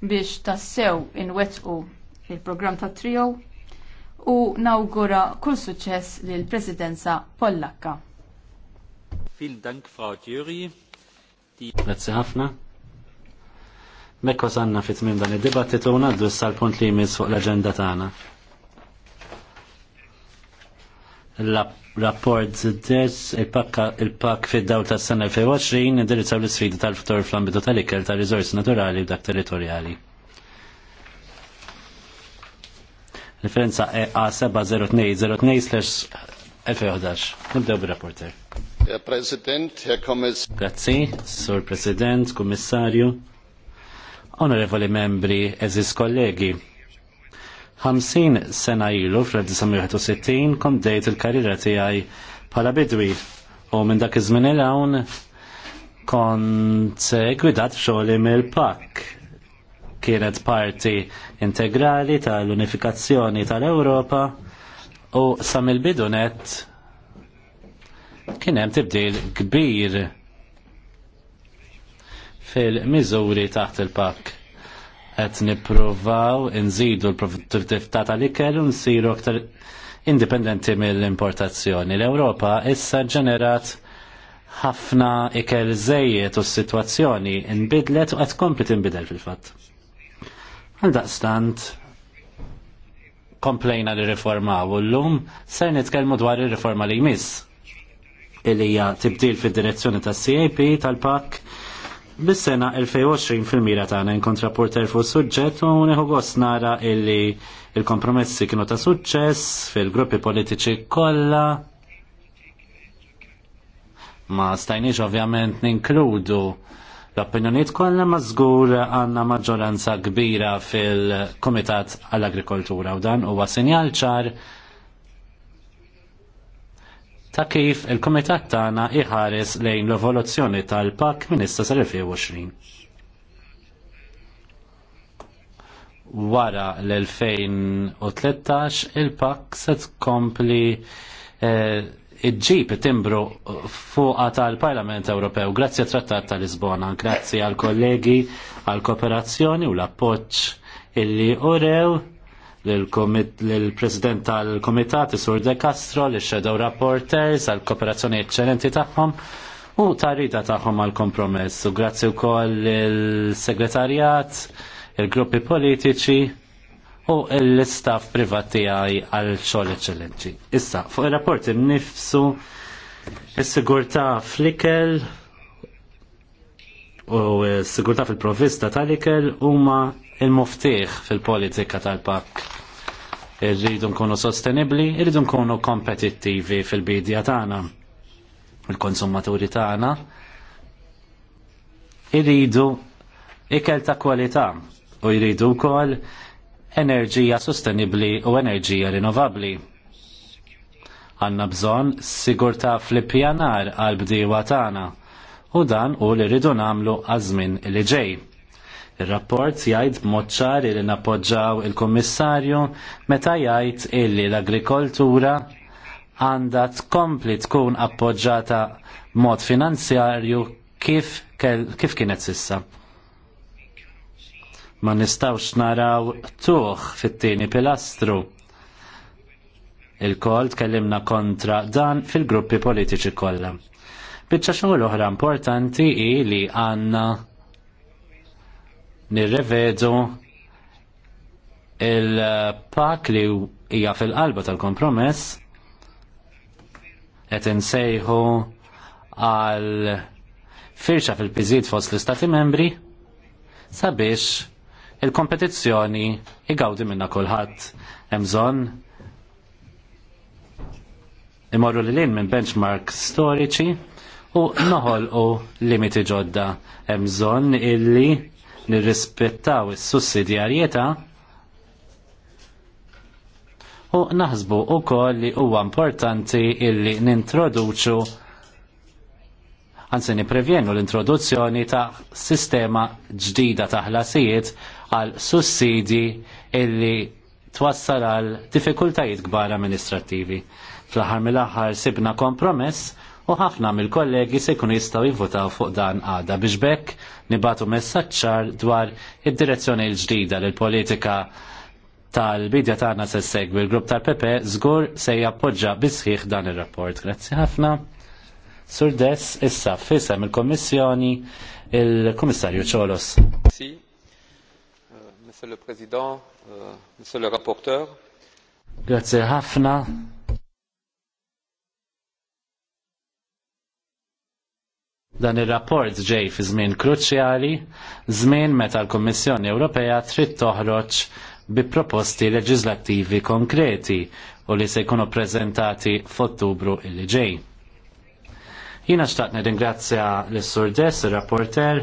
biex tassew inwetqu il-programm ta' trio u nawgura kull suċċess lil presidenza Pollakka. Vielen Dank, Frau Thüri. Grazie ħafna. Mekko sanna fit minn dan id-dibattitu għaddu s-sal-punt li jmiss fuq l-agenda tagħna rapport zittess il-pak fid dawl ta' s-sena 2020 indirizzaw l-sfidi tal-futur fl-ambitu tal-ikel ta' rizorsi naturali u dak territorjali. Referenza EA700202-2011. Nibdew bil-rapporter. Herr Präsident, Herr Kommissar. Grazzi, Sur President, Kommissarju, Onorevoli Membri, Eżis Kollegi, 50 sena ilu fl-1961 kon dejt il-karriera tiegħi bħala bidwi u minn dak iż-żmien il hawn kont eh, gwidat xogħli mill-pak kienet parti integrali tal-unifikazzjoni tal-Ewropa u sa mill-bidunet kien hemm tibdil kbir fil-miżuri taħt il-pak qed nippruvaw inżidu l-produttività tal-ikel u nsiru aktar indipendenti mill-importazzjoni. L-Ewropa issa ġenerat ħafna ikel żejjed u s-sitwazzjoni inbidlet u qed kompli tinbidel fil-fatt. Għal daqstant komplejna li riformaw u l-lum ser nitkellmu dwar ir-riforma li jmiss illi hija tibdil fil direzzjoni tas-CAP tal-PAK Bis-sena 2020 fil-mira tagħna inkontra porter fuq suġġett u neħu gost nara illi il-kompromessi kienu ta' suċċess fil-gruppi politiċi kollha. Ma stajniex ovvjament ninkludu l-opinjoniet kollha ma żgur għandna maġġoranza kbira fil-Kumitat għall-Agrikoltura u dan huwa sinjal ċar ta' kif il-Komitat tagħna iħares lejn l-evoluzzjoni tal-PAK minn issa sal-2020. Wara l-2013 il-PAK se tkompli eh, iġġib timbru fuqa tal-Parlament Ewropew. Grazzi trattat tal-Lisbona, grazzi għal kollegi, għal kooperazzjoni u l-appoċ illi urew l-President tal-Komitat, Sur De Castro, li shadow Rapporters, għal kooperazzjoni eccellenti tagħhom u tarita tagħhom għal kompromess. U grazzi wkoll il-Segretarjat, il-gruppi politiċi u l-istaff privati għaj għal xogħol eċċellenti. Issa, fuq ir-rapport innifsu is-sigurtà fl-ikel u s-sigurtà fil-provista tal-ikel huma il-muftiħ fil-politika tal-pak. Irridu nkunu sostenibli, irridu nkunu kompetittivi fil-bidja tagħna. Il-konsumaturi tagħna irridu ikel ta' kwalità u jridu wkoll enerġija sostenibli u enerġija rinnovabbli. Għanna bżon sigurta fl-ippjanar għal bdiewa tagħna u dan u li rridu namlu għażmin li ġej. Il-rapport jgħid moċċar li napoġġaw il kummissarju meta jgħid illi l-agrikoltura għandha tkompli tkun appoġġata mod finanzjarju kif, kif kienet sissa. Ma nistawx naraw tuħ fit-tieni pilastru. il kolt kellimna kontra dan fil-gruppi politiċi kollha. Biċċa xogħol oħra importanti hi li għandna nirrevedu il-pak li hija fil-qalba tal-kompromess qed insejħu għal firxa fil-piżiet fost l-istati membri sabiex il-kompetizzjoni igawdi minna kulħadd hemm bżonn imorru li lin minn benchmark storiċi u noħolqu limiti ġodda hemm bżonn illi nirrispettaw is-sussidjarjetà u naħsbu wkoll li huwa importanti illi nintroduċu anzi niprevjenu l-introduzzjoni ta' sistema ġdida ta' ħlasijiet għal sussidji illi twassal għal diffikultajiet kbar amministrattivi. Fl-aħħar mill-aħħar sibna kompromess u ħafna mill-kollegi se jkunu jistgħu jivvotaw fuq dan għada biex bekk nibatu messaċċar dwar id-direzzjoni l-ġdida l politika tal-bidja tagħna se segwi l-grupp tal-PP żgur se jappoġġa bisħiħ dan ir-rapport. Grazzi ħafna. Sur Dess issa fisem il-Kommissjoni il-Kummissarju Ċolos. Si, euh, Monsieur le Président, euh, Monsieur le Rapporteur. Grazie ħafna, Dan ir-rapport ġej fi żmien kruċjali, żmien meta l-Kummissjoni Ewropea trid toħroġ bi proposti leġislattivi konkreti u li se jkunu preżentati f'Ottubru li ġej. Jina xtaqt nirringrazzja l-Sur Dess, il-rapporter,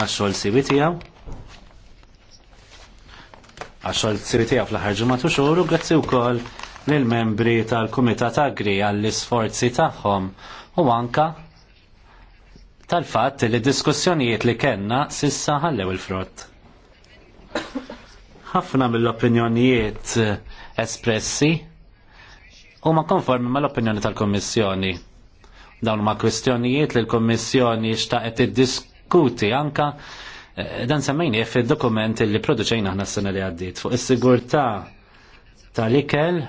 għaxol sibi tijaw. Għaxol sibi tijaw fl aħħar ġumatu xoru, grazzi u koll l-membri tal-Kumitat Agri għall-isforzi tagħhom u anka tal-fatt li diskussjonijiet li kellna sissa ħallew il-frott. Ħafna mill-opinjonijiet eh, espressi huma konformi mal-opinjoni tal-Kommissjoni. Dawn ma' kwestjonijiet li l-Kommissjoni xtaqet iddiskuti anka eh, dan semmejni fil-dokument li produċejna ħna s-sena li għaddit fuq is-sigurtà tal-ikel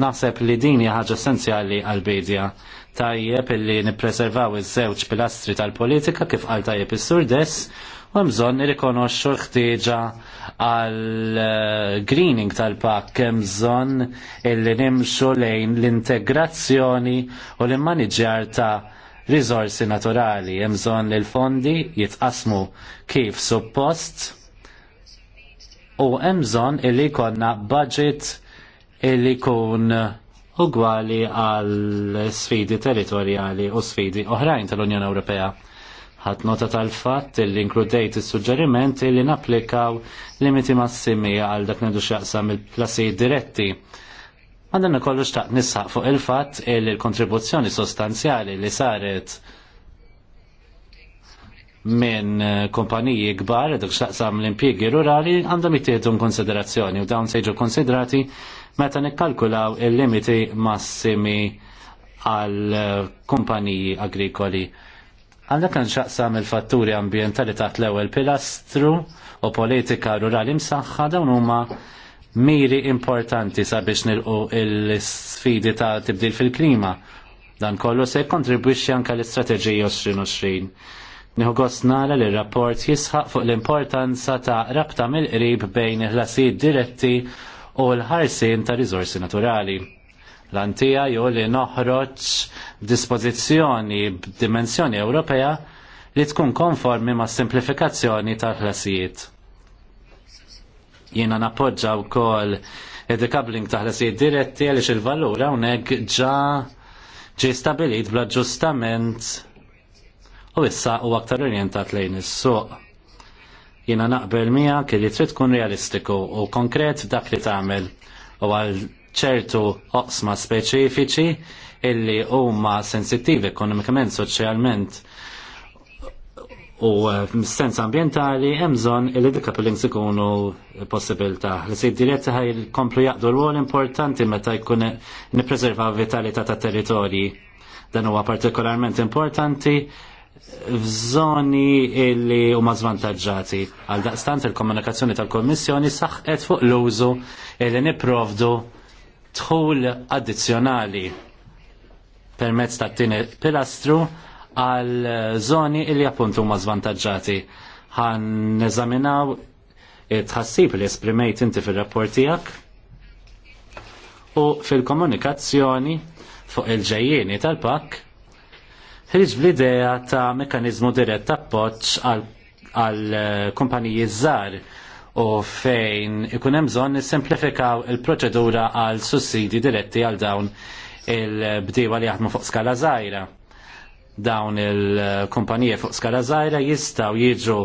Naħseb li din hija ħaġa essenzjali għal-bidja. Tajjeb illi nippreservaw iż-żewġ pilastri tal-politika kif qal tajjeb is-sur dess u bżonn irrikonoxxu ħtieġa għall eh, greening tal-pak hemm bżonn illi nimxu lejn l-integrazzjoni u l-immaniġjar ta' rizorsi naturali, hemm bżonn li l-fondi jitqasmu kif suppost u hemm bżonn illi jkollna budget Illi kun ugwali għal sfidi territorjali u sfidi oħrajn tal-Unjoni Ewropea. Ħadd nota tal-fatt illi inkludejt is sugġeriment li napplikaw limiti massimi għal dak nedu x'jaqsam il-plasi diretti. Għandan kollu xtaq nisħaq fuq il-fatt li l-kontribuzzjoni sostanzjali li saret minn kompaniji gbar, dak xaqsam l-impjiegi rurali għandhom jittieħdu konsiderazzjoni u dawn sejġu konsiderati meta nikkalkulaw il-limiti massimi għal kumpaniji agrikoli. kan xaqsam il-fatturi ambientali taħt l-ewwel pilastru u politika rurali msaħħa dawn huma miri importanti sabiex nilqu il-sfidi ta' tibdil fil-klima. Dan kollu se kontribwixxi anke l-istrateġija 2020. Nieħu gost nara li r-rapport jisħaq fuq l-importanza ta' rabta mill-qrib bejn il-ħlasijiet diretti u l-ħarsin ta' rizorsi naturali. L-antija ju li noħroġ dispozizjoni b'dimensjoni Ewropea li tkun konformi ma' simplifikazzjoni tal-ħlasijiet. Jiena nappoġġa wkoll id-decoupling ħlasijiet diretti għaliex il-valur hawnhekk ġa ġie stabilit bl-aġġustament u issa u aktar orientat lejn is-suq. Jiena naqbel miegħek kelli trid tkun realistiku u konkret dak li tagħmel u għal ċertu oqsma speċifiċi illi huma sensittivi ekonomikament, soċjalment u eh, sens ambientali hemm bżonn li decoupling ikunu possibilità. Li se diretta ħaj komplu jaqdu rwol importanti meta jkun nippreserva vitalità ta' territorji. Dan huwa partikolarment importanti f'żoni li huma żvantaġġati. Għal daqstant il-komunikazzjoni tal-Kommissjoni saħqet fuq l-użu li niprovdu tħul addizzjonali permezz ta' tini pilastru għal żoni li appunt huma żvantaġġati. Ħan neżaminaw it tħassib li esprimejt inti fil-rapport tiegħek u fil-komunikazzjoni fuq il-ġejjieni tal-pakk ħriġ bl-idea ta' mekanizmu dirett ta' poċ għal eh, kumpaniji żgħar u fejn ikun hemm bżonn nissemplifikaw il-proċedura għal sussidi diretti għal dawn il-bdiewa li jaħdmu fuq skala żgħira. Dawn il-kumpaniji fuq skala żgħira jistgħu jiġu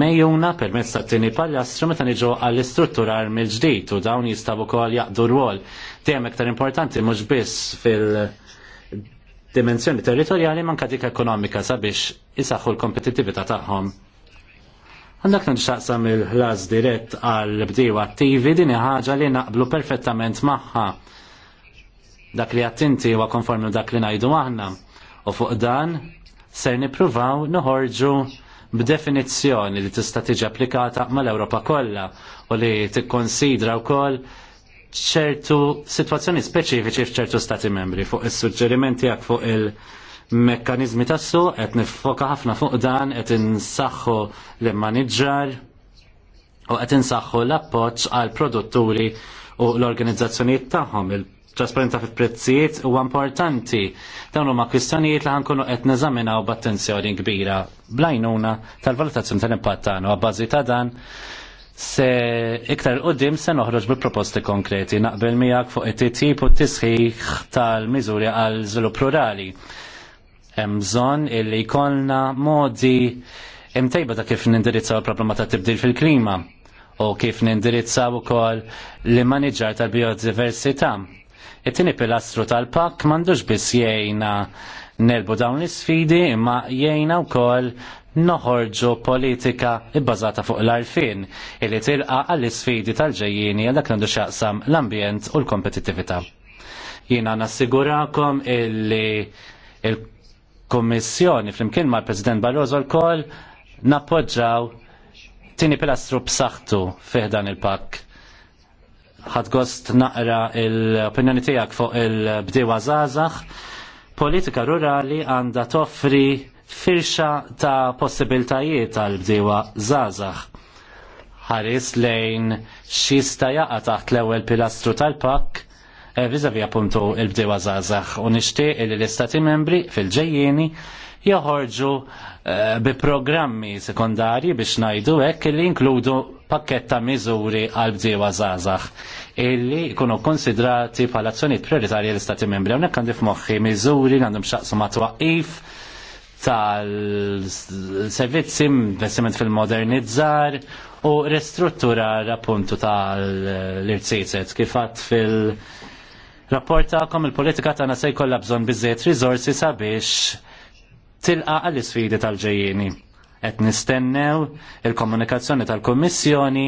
mejjuna permezz ta' tieni paljastru meta niġu għall-istrutturar mill-ġdid u dawn jistgħu wkoll jaqdu rwol. Dejjem iktar importanti mhux biss fil- dimensjoni territorjali manka dik ekonomika sabiex isaħħu l-kompetitività tagħhom. Għandak nxaqsam il-ħlas dirett għal bdiju attivi din ħaġa li naqblu perfettament magħha dak li għattinti huwa konformi dak li ngħidu għahna. u fuq dan ser nippruvaw nħorġu b'definizzjoni li tista' tiġi applikata mal-Ewropa kollha u li tikkonsidra wkoll ċertu situazzjoni speċifiċi f'ċertu stati membri fuq is-suġġerimenti jak fuq il-mekkanizmi tassu qed nifoka ħafna fuq dan qed insaħħu l-immaniġġar u qed insaħħu l-appoġġ għal produtturi u l-organizzazzjonijiet tagħhom trasparenta fil prezzijiet u importanti dawn huma kwistjonijiet li ħankunu qed u b'attenzjoni kbira blajnuna tal-valutazzjoni tal-impatt tagħna u bażi ta' dan se iktar qoddim se noħroġ bil proposti konkreti naqbel miegħek fuq it-titjib u t-tisħiħ tal-miżuri għal żvilupp rurali. Hemm bżonn illi jkollna modi imtejba ta' kif nindirizzaw il-problema ta' tibdil fil-klima u kif nindirizzaw ukoll l-maniġġar tal-biodiversità. It-tieni pilastru tal-pakk m'għandux biss jgħinna nelbu dawn l-isfidi imma jgħina wkoll noħorġu politika bbażata fuq l-arfin illi tilqa għall isfidi tal-ġejjini għal dak għandu xaqsam l-ambjent u l-kompetittività. Jiena nassigurakom illi il-Kommissjoni flimkien mal president Barroso l-koll nappoġġaw tini pilastru b'saħħtu fih dan il-pakk. Ħadgost naqra l-opinjoni tiegħek fuq il bdiwa zazax. politika rurali għandha toffri firxa ta' possibiltajiet tal bdiewa zazax. Ħares lejn xista jaqa taħt l-ewwel pilastru tal-pakk eh, viżavija puntu il-bdiewa zazax u nixtieq li l-Istati membri fil-ġejjieni joħorġu eh, bi programmi sekondarji biex ngħidu hekk li jinkludu pakketta miżuri għal bdiewa zazax illi jkunu konsidrati bħala azzjonijiet prioritarji l-Istati membri. Hawnhekk għandi f'moħħi miżuri għandhom xaqsu ma' tal-servizzi, investiment fil-modernizzar u ristrutturar appuntu tal-irtsiset kifat fil- Rapporta kom il-politika tagħna se jkollha bżonn biżejjed rizorsi sabiex tilqa' għall-isfidi tal ġejjini qed nistennew il-komunikazzjoni tal-Kummissjoni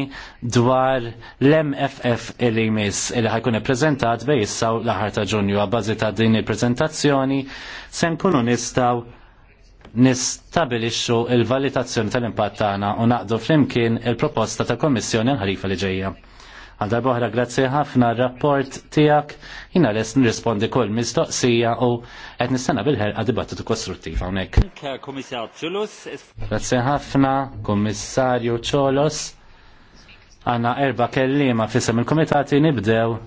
dwar l-MFF il jmiss li ħajkun ippreżentat bej issa l-aħħar ta' Ġunju għabbażi ta' din il-preżentazzjoni se nkunu nistgħu nistabilixxu il-valutazzjoni tal-impatt tagħna u naqdu flimkien il-proposta ta' Kommissjoni l-ħarifa li ġejja. Għal darbohra grazzi ħafna r-rapport tiegħek jiena les nirrispondi kull mistoqsija u qed nistenna bil-ħerqa dibattitu kostruttiv hawnhekk. Grazzi ħafna, Kummissarju Ċolos. Għanna erba kellima fisem il-komitati nibdew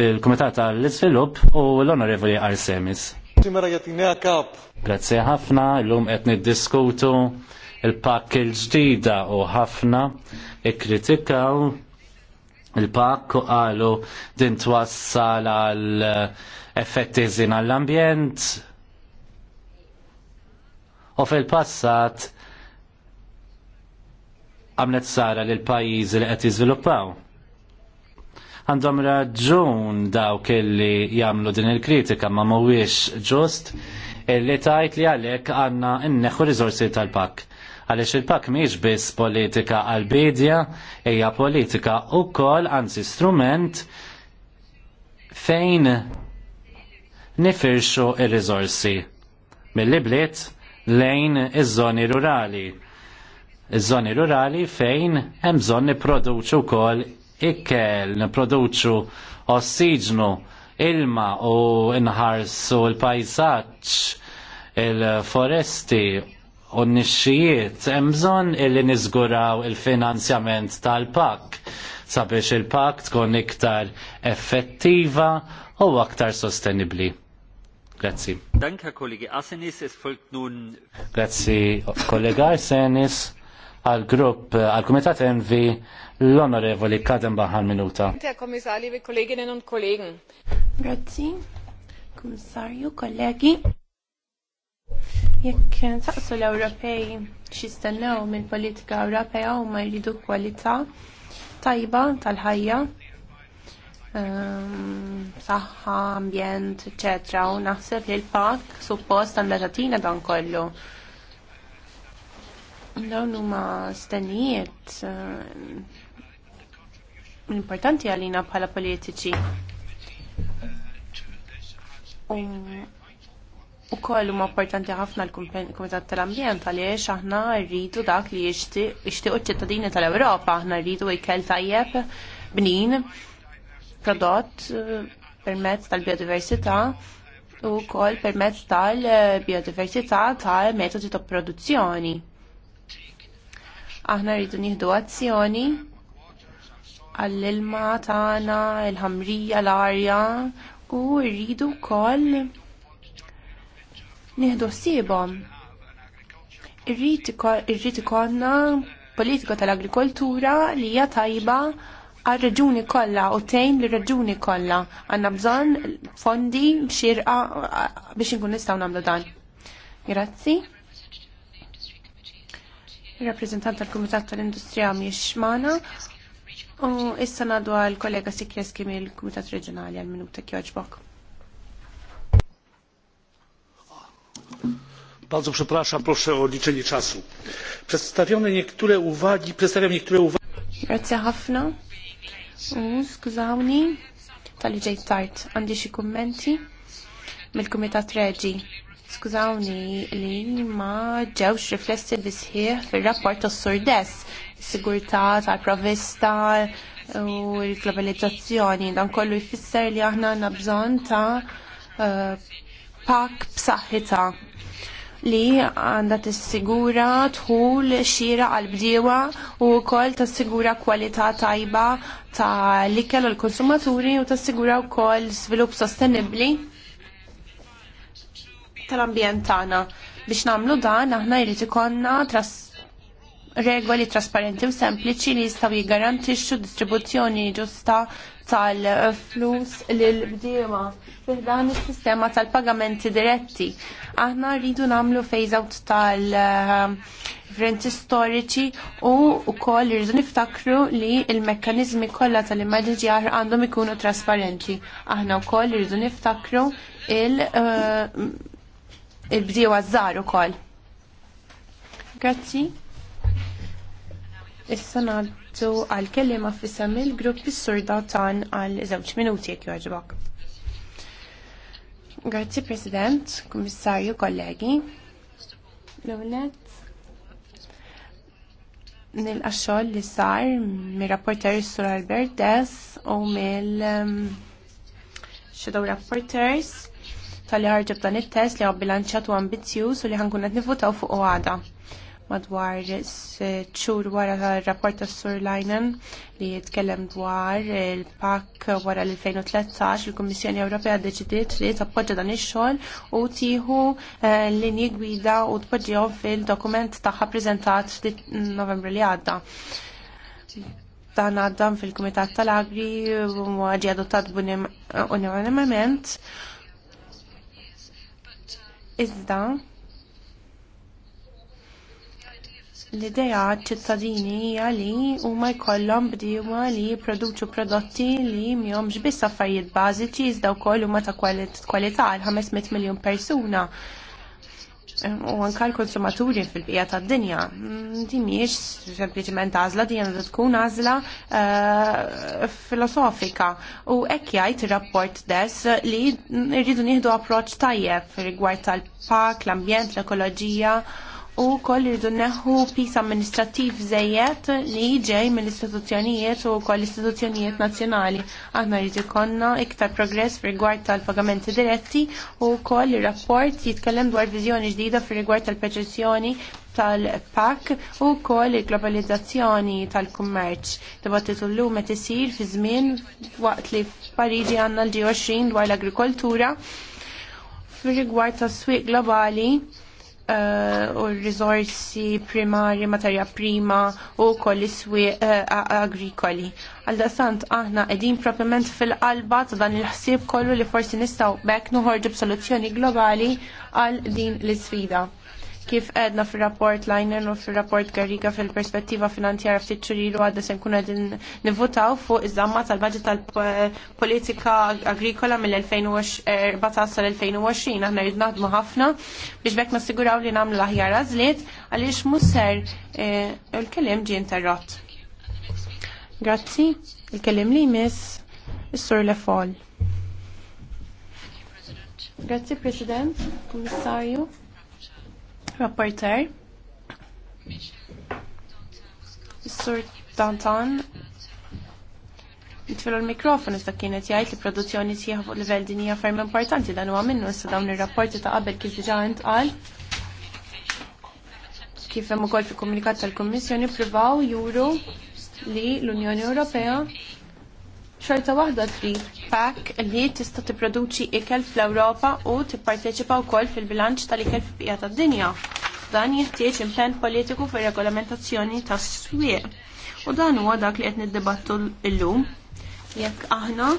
bil-Komitat għall-Izvilupp u l-Onorevoli Arsemis. Simera jatina kap. Grazie ħafna, l-lum qed niddiskutu il-pak il-ġdida u ħafna ikkritikaw il-pak u qalu din twassal għal effetti żin għall-ambjent. U fil-passat għamlet sara lill pajjiżi li qed jiżviluppaw għandhom raġun dawk li jagħmlu din il-kritika ma mhuwiex ġust illi tajt li għalhekk għandna inneħu rizorsi tal-pak. Għaliex il-pak miex biss politika għal-bidja, hija politika wkoll anzi strument fejn nifirxu il riżorsi mill-ibliet lejn iż-żoni rurali iż-żoni rurali fejn hemm bżonn nipproduċu wkoll ikkel, niproduċu ossiġnu, ilma u nħarsu l-pajsaċ, il-foresti u nixxijiet emżon illi nizguraw il-finanzjament tal-pak sabiex il-pak tkun iktar effettiva u aktar sostenibli. Grazzi. Danka kollegi Arsenis, es folgt nun. Grazzi kollega Arsenis al grupp al kumitat Envi l-onorevoli Kadem Baħal Minuta. Grazzi, komissarju, kollegi. Jekk taqsu l-Ewropej xistennew mill-politika Ewropea u ma jridu kwalità tajba tal-ħajja, ehm, saħħa, ambjent, eccetera. u naħseb li l-pak suppost għandha tagħtina dan kollu. Dawn huma stennijiet ehm, importanti għalina bħala politiċi. U koll huma importanti ħafna l-Kumitat tal-Ambjent għaliex aħna rridu dak li jixtiequ ċ-ċittadini tal-Ewropa, aħna rridu ikel tajjeb bnin prodott eh, permezz tal-biodiversità u koll permezz tal-biodiversità tal-metodi ta' produzzjoni. Aħna rridu nieħdu azzjoni għall-ilma tagħna, il-ħamrija, l-arja u rridu wkoll nieħdu ħsiebhom. Irrid ikollna politika tal-agrikoltura li hija tajba għal reġuni kollha u tejn li reġuni kollha għandna bżonn fondi b'xirqa biex inkun nistgħu nagħmlu dan. Grazzi. Il-rappresentant tal-Kumitat tal-Industrija miex magħna U issa nadu għal kollega Sikjeski mill komitat Reġjonali għal minuta kjoġbok. Bardzo przepraszam, proszę o liczenie czasu. Przedstawione niektóre uwagi, przedstawiam niektóre uwagi. Grazie ħafna. U skużawni tal-li ġejt tard għandi xi kummenti mill-Kumitat Reġi. Skużawni li ma ġewx riflessi bisħieħ fil rapport tas sordes sigurtà tal-provista u l-globalizzazzjoni. Dan kollu jfisser li aħna għandna bżonn ta' uh, pak li għandha tissigura tħul xira għal bdiewa u wkoll tassigura kwalità tajba ta' ikel u l konsumaturi u tassigura wkoll żvilupp sostenibbli tal-ambjent tagħna. Biex nagħmlu dan aħna jrid ikollna tras regoli trasparenti u sempliċi li jistgħu jiggarantixxu distribuzzjoni ġusta tal-flus lill-bdiema fih dan is-sistema tal-pagamenti diretti. Aħna rridu nagħmlu phase out tal- differenti storiċi u wkoll irridu niftakru li l-mekkaniżmi kollha tal-immaġġjar għandhom ikunu trasparenti. Aħna wkoll irridu niftakru il- eh, il-bdiewa żgħar ukoll. Grazzi. Issa naddu għal kellima fissam il-grupp is-surda tan għal żewġ minuti jekk jogħġbok. Grazzi President, Kummissarju, kollegi. L-għunet nil-qaxxol li sar mir rapporter Sur Albert Dess u mill um, Shadow Rapporters tal-li dan it-test li għabbilanċat u ambizzjuż u li ħankun qed nivutaw fuq għada madwar ċur wara rapport tas Sur Lajnen li jitkellem dwar il-pak wara l-2013 il-Kummissjoni Ewropea deċidiet li tappoġġa dan ix-xogħol u tieħu eh, linji gwida u tpoġġihom fil-dokument tagħha ppreżentat Novembru li għadda. Dan għaddam fil-Kumitat tal-Agri u ġie adottat unanimament. Iżda, l-ideja ċittadini hija li huma jkollhom bdiewa li jipproduċu prodotti li mhomx biss affarijiet bażiċi iżda wkoll huma ta' kwalità għal 500 miljun persuna ehm, u anka l-konsumaturi fil-bqija tad-dinja. Mm, din mhijiex sempliċement għażla din għandha tkun għażla eh, filosofika. U hekk jgħid ir-rapport dess li rridu nieħdu approċċ tajjeb rigward tal-pak, l-ambjent, l-ekoloġija u koll jridu neħu pis amministrativ zejjed li ġej mill-istituzzjonijiet u koll istituzzjonijiet nazzjonali. Aħna jridu konna iktar progress rigward tal-pagamenti diretti u koll il-rapport jitkellem dwar viżjoni ġdida fir rigward tal preċessjoni tal-PAK u koll il-globalizzazzjoni tal-kummerċ. Dibattitu l-lum qed isir fi żmien waqt li f'Pariġi għandna l-G20 dwar l-agrikoltura fir rigward tas-swieq globali u r-rizorsi primari, materja prima u koll iswi eh, agrikoli. Għaldastant aħna edin propriment fil-qalba ta' dan il-ħsieb kollu li forsi nistaw bekk nuħorġu b'soluzzjoni globali għal din l-sfida. Kif għedna fil-rapport Lajnen u fil-rapport Garriga fil-perspettiva finanzjara ftit xurilu għadda se kuna din nivutaw fuq iż-żamma tal-budget tal-politika agrikola mill-2014 sal-2020. Aħna rrid naħdmu ħafna biex bekk nassiguraw li nagħmlu l-aħjar għażliet għaliex musser eh, il-kelim ġie interrott. Grazzi, il-kelim li mis, il sur Lefol. Grazzi President, Commissario. Rapporter. Sur Tantan Jitfilu l-mikrofon iżda kienet jgħid li produzzjoni sieħ fuq livell din hija ferm importanti dan huwa minnu issa dawn ir-rapporti ta' qabel kif diġà intqal kif hemm ukoll fil-komunikat tal-Kummissjoni privaw juru li l-Unjoni Ewropea xorta waħda trid pak li tista' tipproduċi ikel fl-Ewropa u tipparteċipa wkoll fil-bilanċ tal-ikel fil-bqija tad-dinja. Dan jeħtieġ impenn politiku fir-regolamentazzjoni tas-swieq. U dan huwa dak li qed niddibattu llum. Jekk aħna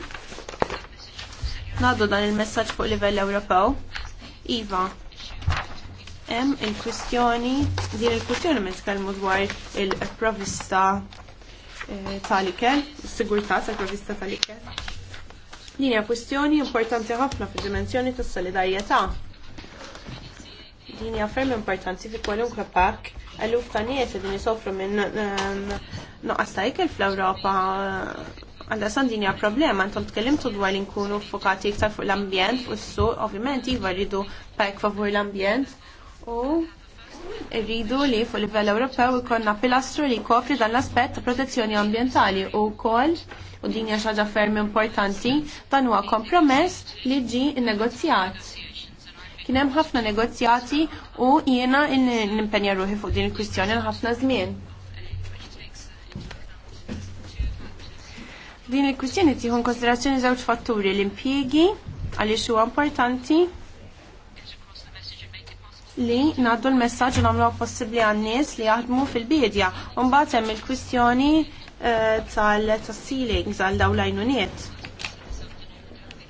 ngħaddu dan il-messaġġ fuq livell Ewropew, iva, hemm il-kwistjoni, din il-kwistjoni mitkellmu dwar il-provista Eh, tal-ikel, s-sigurtà tal-provista tal-ikel. Din hija kwistjoni importanti ħafna fid-dimensjoni tas-solidarjetà. Din hija ferm importanti fi kwalunkwe pakk eluf ta' nies li nisofru minn ehm, noqqas ta' ikel fl-Ewropa għandha san din hija problema, intom tkellimtu dwar li nkunu fokati iktar fuq l-ambjent, u s suq ovvjament iva rridu park favur l-ambjent u Irridu li fuq livell Ewropew ikollna pilastru li jkopri dan l-aspett ta' protezzjoni ambjentali u wkoll u din hija xi ħaġa ferm importanti dan huwa kompromess li ġi nnegozjat kien hemm ħafna negozjati u jiena nimpenja ruħi fuq din il-kwistjoni ħafna żmien. Din il-kwistjoni tieħu konsiderazzjoni żewġ fatturi l-impjiegi għaliex huwa importanti li naddu l-messagġ u namlu possibbli għan-nies li jaħdmu fil-bidja. u mbagħad hemm il-kwistjoni eh, tal tassili għal dawn l-għajnuniet.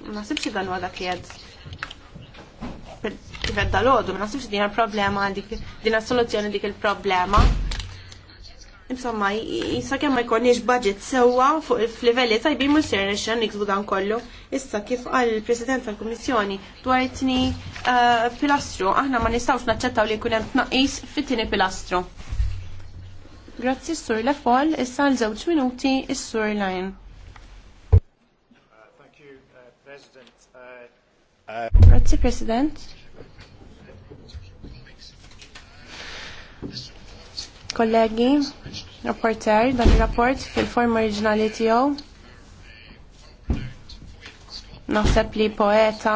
Ma nasibx dan huwa dak Kifed dal-għodu, ma nasibx din problema dik din soluzzjoni dik il-problema. Insomma, jissa kemm ma jkollniex budget sewwa fuq f'livelli tajbin mhux ser nixxa niksbu dan kollu. Issa kif qal il-President tal-Kummissjoni dwar it-tni eh, pilastru, aħna ma nistgħux naċċettaw li jkun hemm tnaqqis fit-tieni pilastru. Grazzi s-sur Lefol, issa l żewġ minuti s-sur Lajn. Uh, uh, uh, Grazzi President kollegi, rapporter, dan il-rapport fil-form oriġinali tiegħu naħseb li poeta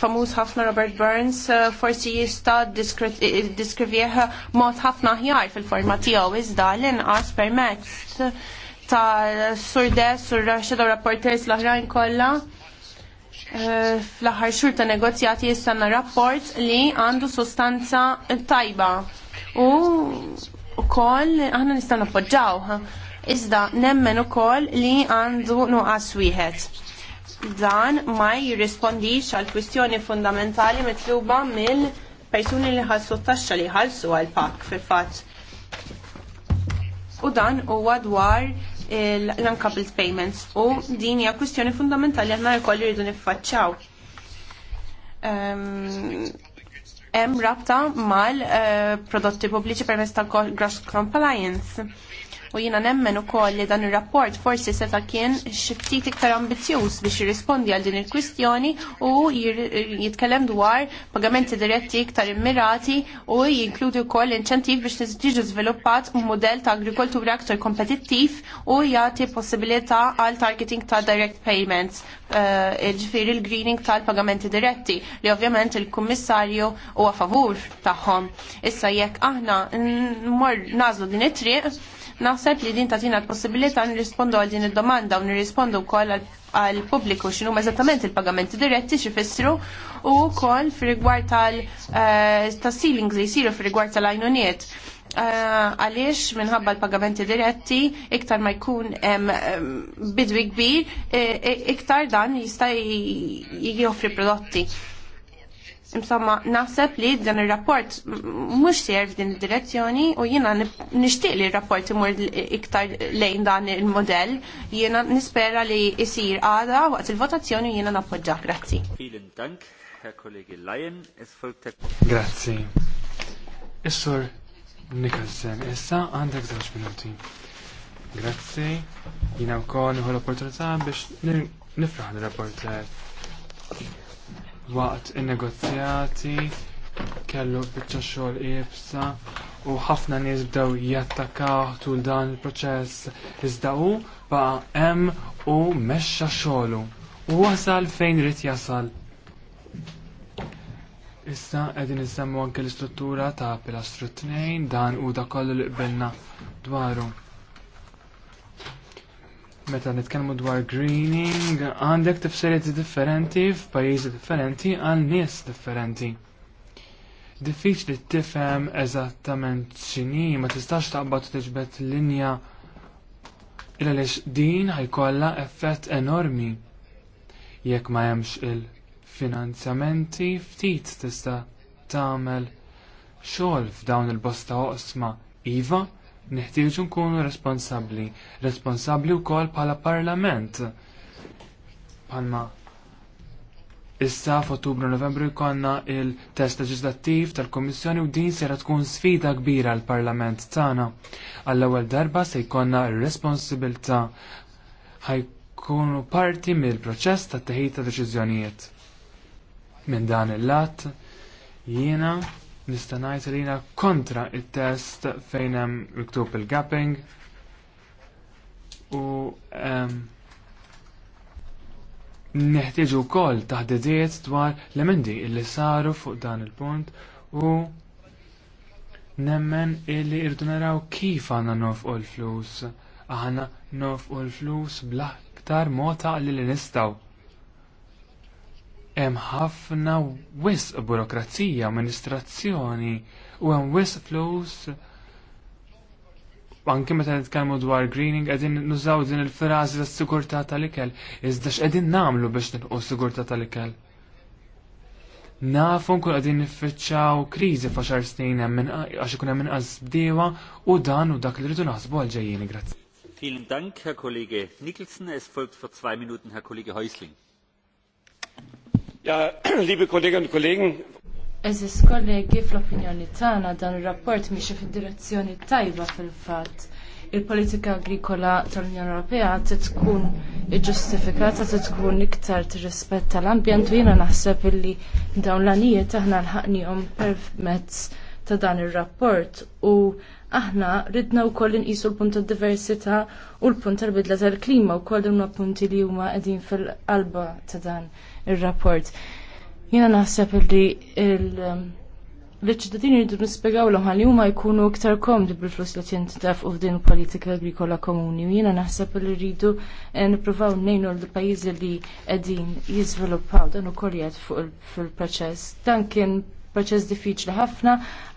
famuż ħafna Robert Burns eh, forsi jista' eh, diskrivieh mod ħafna ħjar fil-forma tiegħu iżda l-inqas permezz ta' surdes u raxed u rapporters l-oħrajn kollha eh, fl-aħħar xhur ta' negozjati jistanna rapport li għandu sostanza tajba u koll, aħna nistan nappoġġawha. Iżda nemmen ukoll li għandu nuqas wieħed. Dan ma jirrispondix għal kwistjoni fundamentali mitluba mill-persuni li t taxxa li ħalsu għal pak fil-fatt. U dan huwa dwar l-uncoupled payments u din hija kwistjoni fundamentali aħna jkoll jridu niffaċċaw. Um, ehm, hemm rabta mal-prodotti eh, pubbliċi permezz tal-Gross Compliance u jiena nemmen ukoll li dan ir-rapport forsi seta' kien xi ftit iktar ambizjuż biex jirrispondi għal din il-kwistjoni u jitkellem dwar pagamenti diretti iktar immirati u jinkludi wkoll inċentiv biex jiġu żviluppat mudell ta' agrikoltura aktar kompetittiv u jagħti possibilita għal targeting ta' direct payments, eh, ġifieri il-greening tal-pagamenti diretti li ovvjament il-kummissarju huwa favur tagħhom. Issa jekk aħna n-mor nażlu din it-triq Naħseb li din tatina l-possibilità nirrispondu għal din id-domanda u nirrispondu wkoll għal pubbliku x'inhu eżattament il-pagamenti diretti x'ifissru u wkoll fir eh, tas tal li jsiru f'rigward tal-għajnuniet eh, għaliex minħabba l-pagamenti diretti iktar ma jkun bidwi kbir eh, iktar dan jista' joffri prodotti. Insomma, naħseb li dan il-rapport mux serv din il-direzzjoni u jiena nishtiq li il-rapport imur iktar lejn dan il-modell. Jiena nispera li jisir għada waqt il-votazzjoni u jiena nappoġġa. Grazzi. kollegi Lajen. Grazzi. Issur Nikolsen, issa għandek żewġ minuti. Grazzi. Jiena wkoll nieħu l-opportunità biex nifraħ l-rapport waqt in-negozjati kellu biċċa xogħol ibsa u ħafna nies bdew jattakaw tul dan il-proċess iżda hu baqa' hemm u mexxa xogħlu u wasal fejn rid jasal. Issa qegħdin nisemmu anke l-istruttura ta' pilastru tnejn dan u da kollu li qbilna dwaru meta nitkellmu dwar greening, għandek tifsiriet differenti f'pajjiżi differenti għal nies differenti. Diffiċli tifhem eżattament x'inhi, ma tistax taqbad tiġbed linja il għaliex din ħajkollha effett enormi. Jekk ma hemmx il-finanzjamenti ftit tista' tagħmel xogħol f'dawn il-bosta oqsma iva, Neħtieġu nkunu responsabbli, responsabbli wkoll bħala parlament. Palma Issa f'Ottubru Novembru jkollna il-test leġislattiv tal-Kommissjoni u din sera tkun sfida kbira għal parlament tagħna. Għall-ewwel darba se jkollna r-responsabilità ħajkunu parti mill-proċess tat teħid ta' deċiżjonijiet. Minn dan il-lat jiena Nista' ngħid li kontra it-test fejn hemm miktub il-gapping u neħtieġu wkoll taħdidiet dwar l-emendi li saru fuq dan il-punt u nemmen illi irdu naraw kif għandna nofqu l-flus. Aħna nofqu l-flus bl-aktar mota li nistaw hemm ħafna wisq burokrazija, amministrazzjoni u hemm wisq flus anke meta nitkellmu dwar greening qegħdin nużaw din il-frażi tas-sigurtà tal-ikel, iżda x'qegħdin nagħmlu biex nilqu s-sigurtà tal-ikel. Nafu nkun qegħdin niffiċċaw kriżi f'għaxar snin hemm għax ikun hemm inqas bdiewa u dan u dak li rridu naħsbu għal ġejjin, grazzi. Vielen Dank, Herr Kollege Nicholson. Es folgt für zwei Minuten Herr Kollege Häusling. Ja, liebe Kolleginnen und Kollegen. Eżis kollegi fl-opinjoni tagħna dan ir-rapport mixi fid-direzzjoni tajba fil-fatt. Il-politika agrikola tal-Unjoni Ewropea se tkun iġġustifikata se tkun iktar tirrispetta l-ambjent u jiena naħseb illi dawn l-anijiet aħna l permezz ta' dan ir-rapport u aħna ridna wkoll inqisu l-punt tad-diversità u l-punt tal-bidla tal-klima wkoll huma punti li huma qegħdin fil-qalba ta' dan ir-rapport. Jiena naħseb li l-ċittadini rridu nispjegaw l li huma jkunu iktar komdi bil-flus li taf u f'din politika agrikola komuni. U jiena naħseb li rridu eh, nippruvaw nejnu l-pajjiżi li qegħdin jiżviluppaw dan ukoll fuq fil-proċess. Dan kien proċess diffiċli ħafna,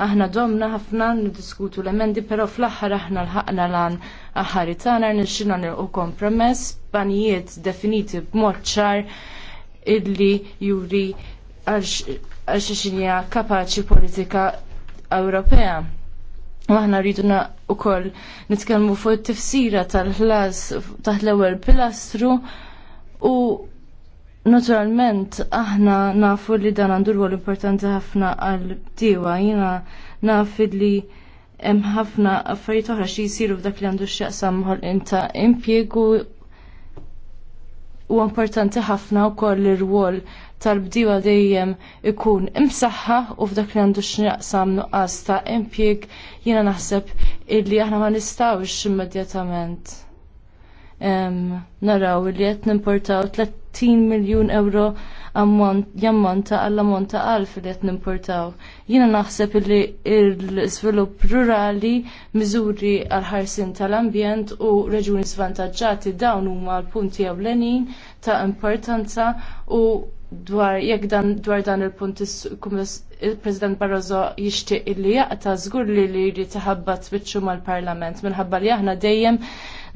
aħna domna ħafna niddiskutu l-emendi, pero fl-aħħar aħna l-ħaqna lan aħħari tagħna nirxina nilqu kompromess banijiet definiti b'mod ċar illi juri għal xinja kapaċi politika Ewropea. Aħna rridu u koll nitkellmu fuq it-tifsira tal-ħlas taħt l-ewwel pilastru u Naturalment, aħna nafu li dan għandu rwol importanti ħafna għal tiwa jina nafu li hemm ħafna affarijiet oħra xi jsiru f'dak li għandu x'jaqsam inta impjiegu u importanti ħafna wkoll ir-rwol tal bdiwa dejjem ikun imsaħħa u f'dak li għandu x'jaqsam nuqqas ta' impjeg, jiena naħseb illi aħna ma nistgħux immedjatament. Naraw li qed nimportaw 60 miljun euro jammonta għall-ammonta għal fil qed nimportaw. Jiena naħseb li l svilup rurali, miżuri għal ħarsien tal-ambjent u reġuni svantagġati dawn huma l-punti ewlenin ta' importanza u dwar jekk dan dwar dan il-punt il-President Barroso jixtieq illi jaqta' żgur li li jrid taħabbat biċċu mal-Parlament minħabba li aħna dejjem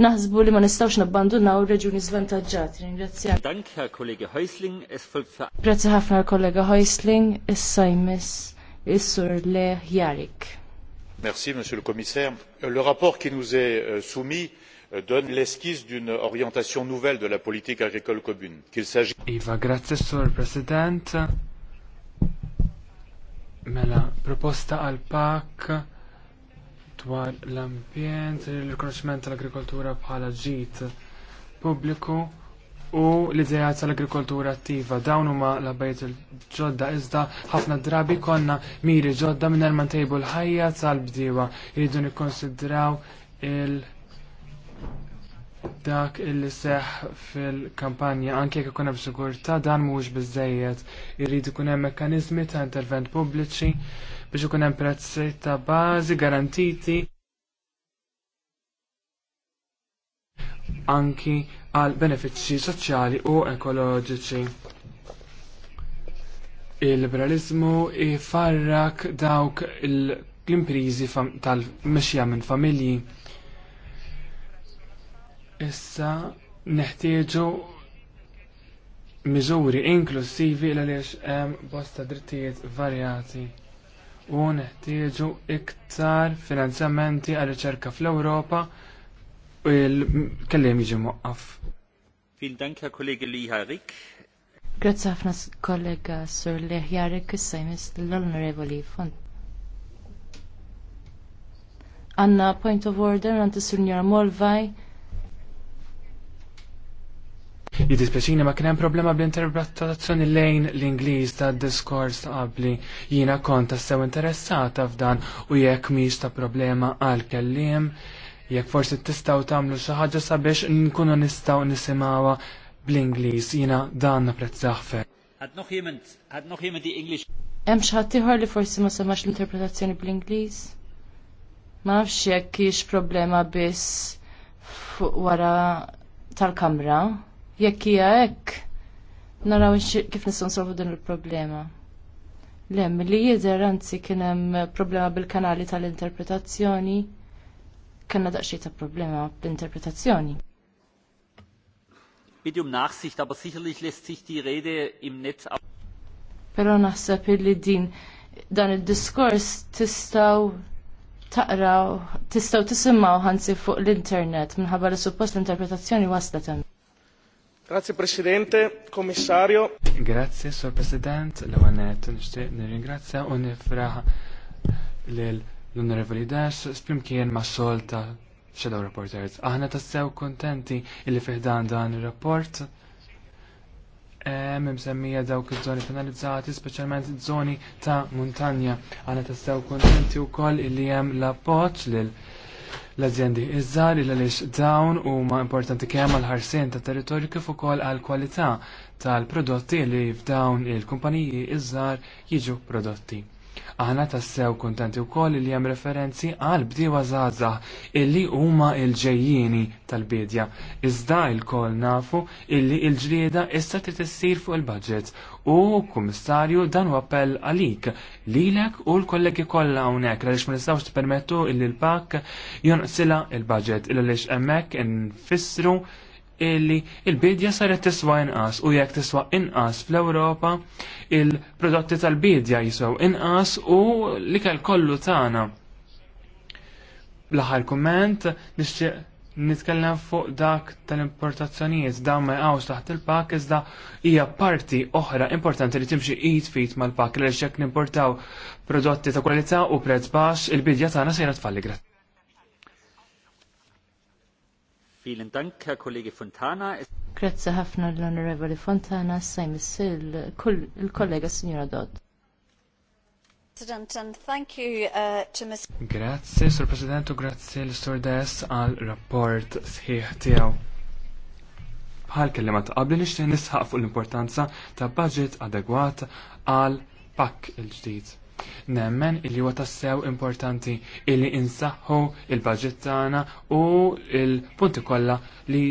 naħsbu li ma nistgħux nabbandunaw reġuni żvantaġġati. Ringrazzjak. Dank Herr Kollege Häusling, es folgt Grazzi ħafna kollega Häusling, is-Sajmis, is-Sur Le Jarik. Merci monsieur le commissaire. Le rapport qui nous est euh, soumis Euh, donne l'esquisse d'une orientation nouvelle de la politique agricole commune. Qu'il s'agit. Iva, grazie, Sur President. Mela, proposta għal pak dwar l-ambjent, il-rikonoċment tal-agrikoltura bħala ġid pubbliku u l-idea tal-agrikoltura attiva. Dawn huma l-abajt il-ġodda iżda ħafna drabi konna miri ġodda minn ma ntejbu l-ħajja tal-bdiewa. Jridu nikkonsidraw il- dak illi seħ fil-kampanja anke jekk ikun hemm sigurtà dan mhuwiex biżejjed irid ikun hemm mekkaniżmi ta' intervent pubbliċi biex ikun hemm prezzi ta' bażi garantiti anki għal benefiċċji soċjali u ekoloġiċi. Il-liberalizmu ifarrak dawk l-imprizi tal-mexja minn familji Issa neħtieġu miżuri inklusivi l għaliex hemm bosta drittijiet varjati u neħtieġu iktar finanzjamenti għal riċerka fl-Ewropa u l-kellim jiġi muqqaf. Fil danka kollegi li jħarik. Grazie ħafna kollega Sur Leh Jarik is-sejmis l-Onorevoli Font. Anna point of order għanti Sur Njar Molvaj Jidispeċini ma kienem problema bl-interpretazzjoni lejn l-Ingliż ta' diskors ta' qabli jina konta sew interessata f'dan u jekk miex ta' problema għal kellim, jekk forsi tistaw tagħmlu xi ħaġa sabiex nkunu nistgħu nisimgħuha bl-Ingliż jina dan napprezzaħ fe. Għad Hemm xi ħadd li forsi ma semax l-interpretazzjoni bl-Ingliż? Ma nafx jekk problema biss fuq wara tal-kamra. Jekk hija hekk, naraw kif nistgħu nsolvu din il-problema. Lem li jidher anzi kien hemm problema bil-kanali tal-interpretazzjoni, kellna daqsxejn ta' problema bl-interpretazzjoni. Bitte um Nachsicht, aber sicherlich lässt sich die Rede im Netz auf. Pero naħseb li din dan il-diskors tistaw taqraw, tistaw tisimaw ħansi fuq l-internet minħabba li suppost l-interpretazzjoni waslet hemm. Grazie Presidente, Commissario. Grazie, Sor President, l-għanet, nishtiq nirringrazzja u nifraħ l-Onorevoli Dash, sprimkien ma' solta Shadow Reporters. Aħna tassew kontenti illi fiħdan dan il-rapport. Hemm semmija dawk iż-żoni finalizzati, speċjalment iż-żoni ta' montanja. Aħna tassew kontenti wkoll illi hemm l-appoġġ lil l-aziende iżżar li għaliex dawn huma importanti kemm għal ħarsien ta' territorju kif ukoll għal kwalità tal-prodotti li f'dawn il-kumpaniji iżżar jiġu prodotti. Aħna tassew kuntanti wkoll li hemm referenzi għal bdiwa żgħażagħ illi huma l-ġejjieni tal-bidja. Iżda lkoll nafu illi l-ġlieda issa trid issir fuq il-budget u kummissarju dan u appell għalik lilek u l-kollegi kollha hawnhekk għaliex ma nistgħux tippermettu illi l-pak jonqsilha il-budget il għaliex hemmhekk infissru illi il-bidja saret tiswa inqas u jekk tiswa inqas fl-Ewropa il-prodotti tal-bidja jiswew inqas u l-ikel kollu tagħna. Laħar aħħar kumment nixtieq nitkellem fuq dak tal-importazzjonijiet dawn ma jgħawx taħt il-pak iżda hija parti oħra importanti li timxi id fit mal-pak li xek nimportaw prodotti ta' kwalità u prezz baxx il-bidja tagħna sejra tfalli grazzi. Grazzi ħafna l-Onorevoli Fontana, sajm il-kollega Signora Dodd. Uh, grazzi, Sur President, u grazzi l-Sur Des għal rapport sħiħ tiegħu. Bħal kellimat qabli nixtieq nisħaq fuq l-importanza ta' budget adegwat għal pak il-ġdid. Nemmen illi huwa tassew importanti illi insaħħu il-budget tagħna u il-punti kollha li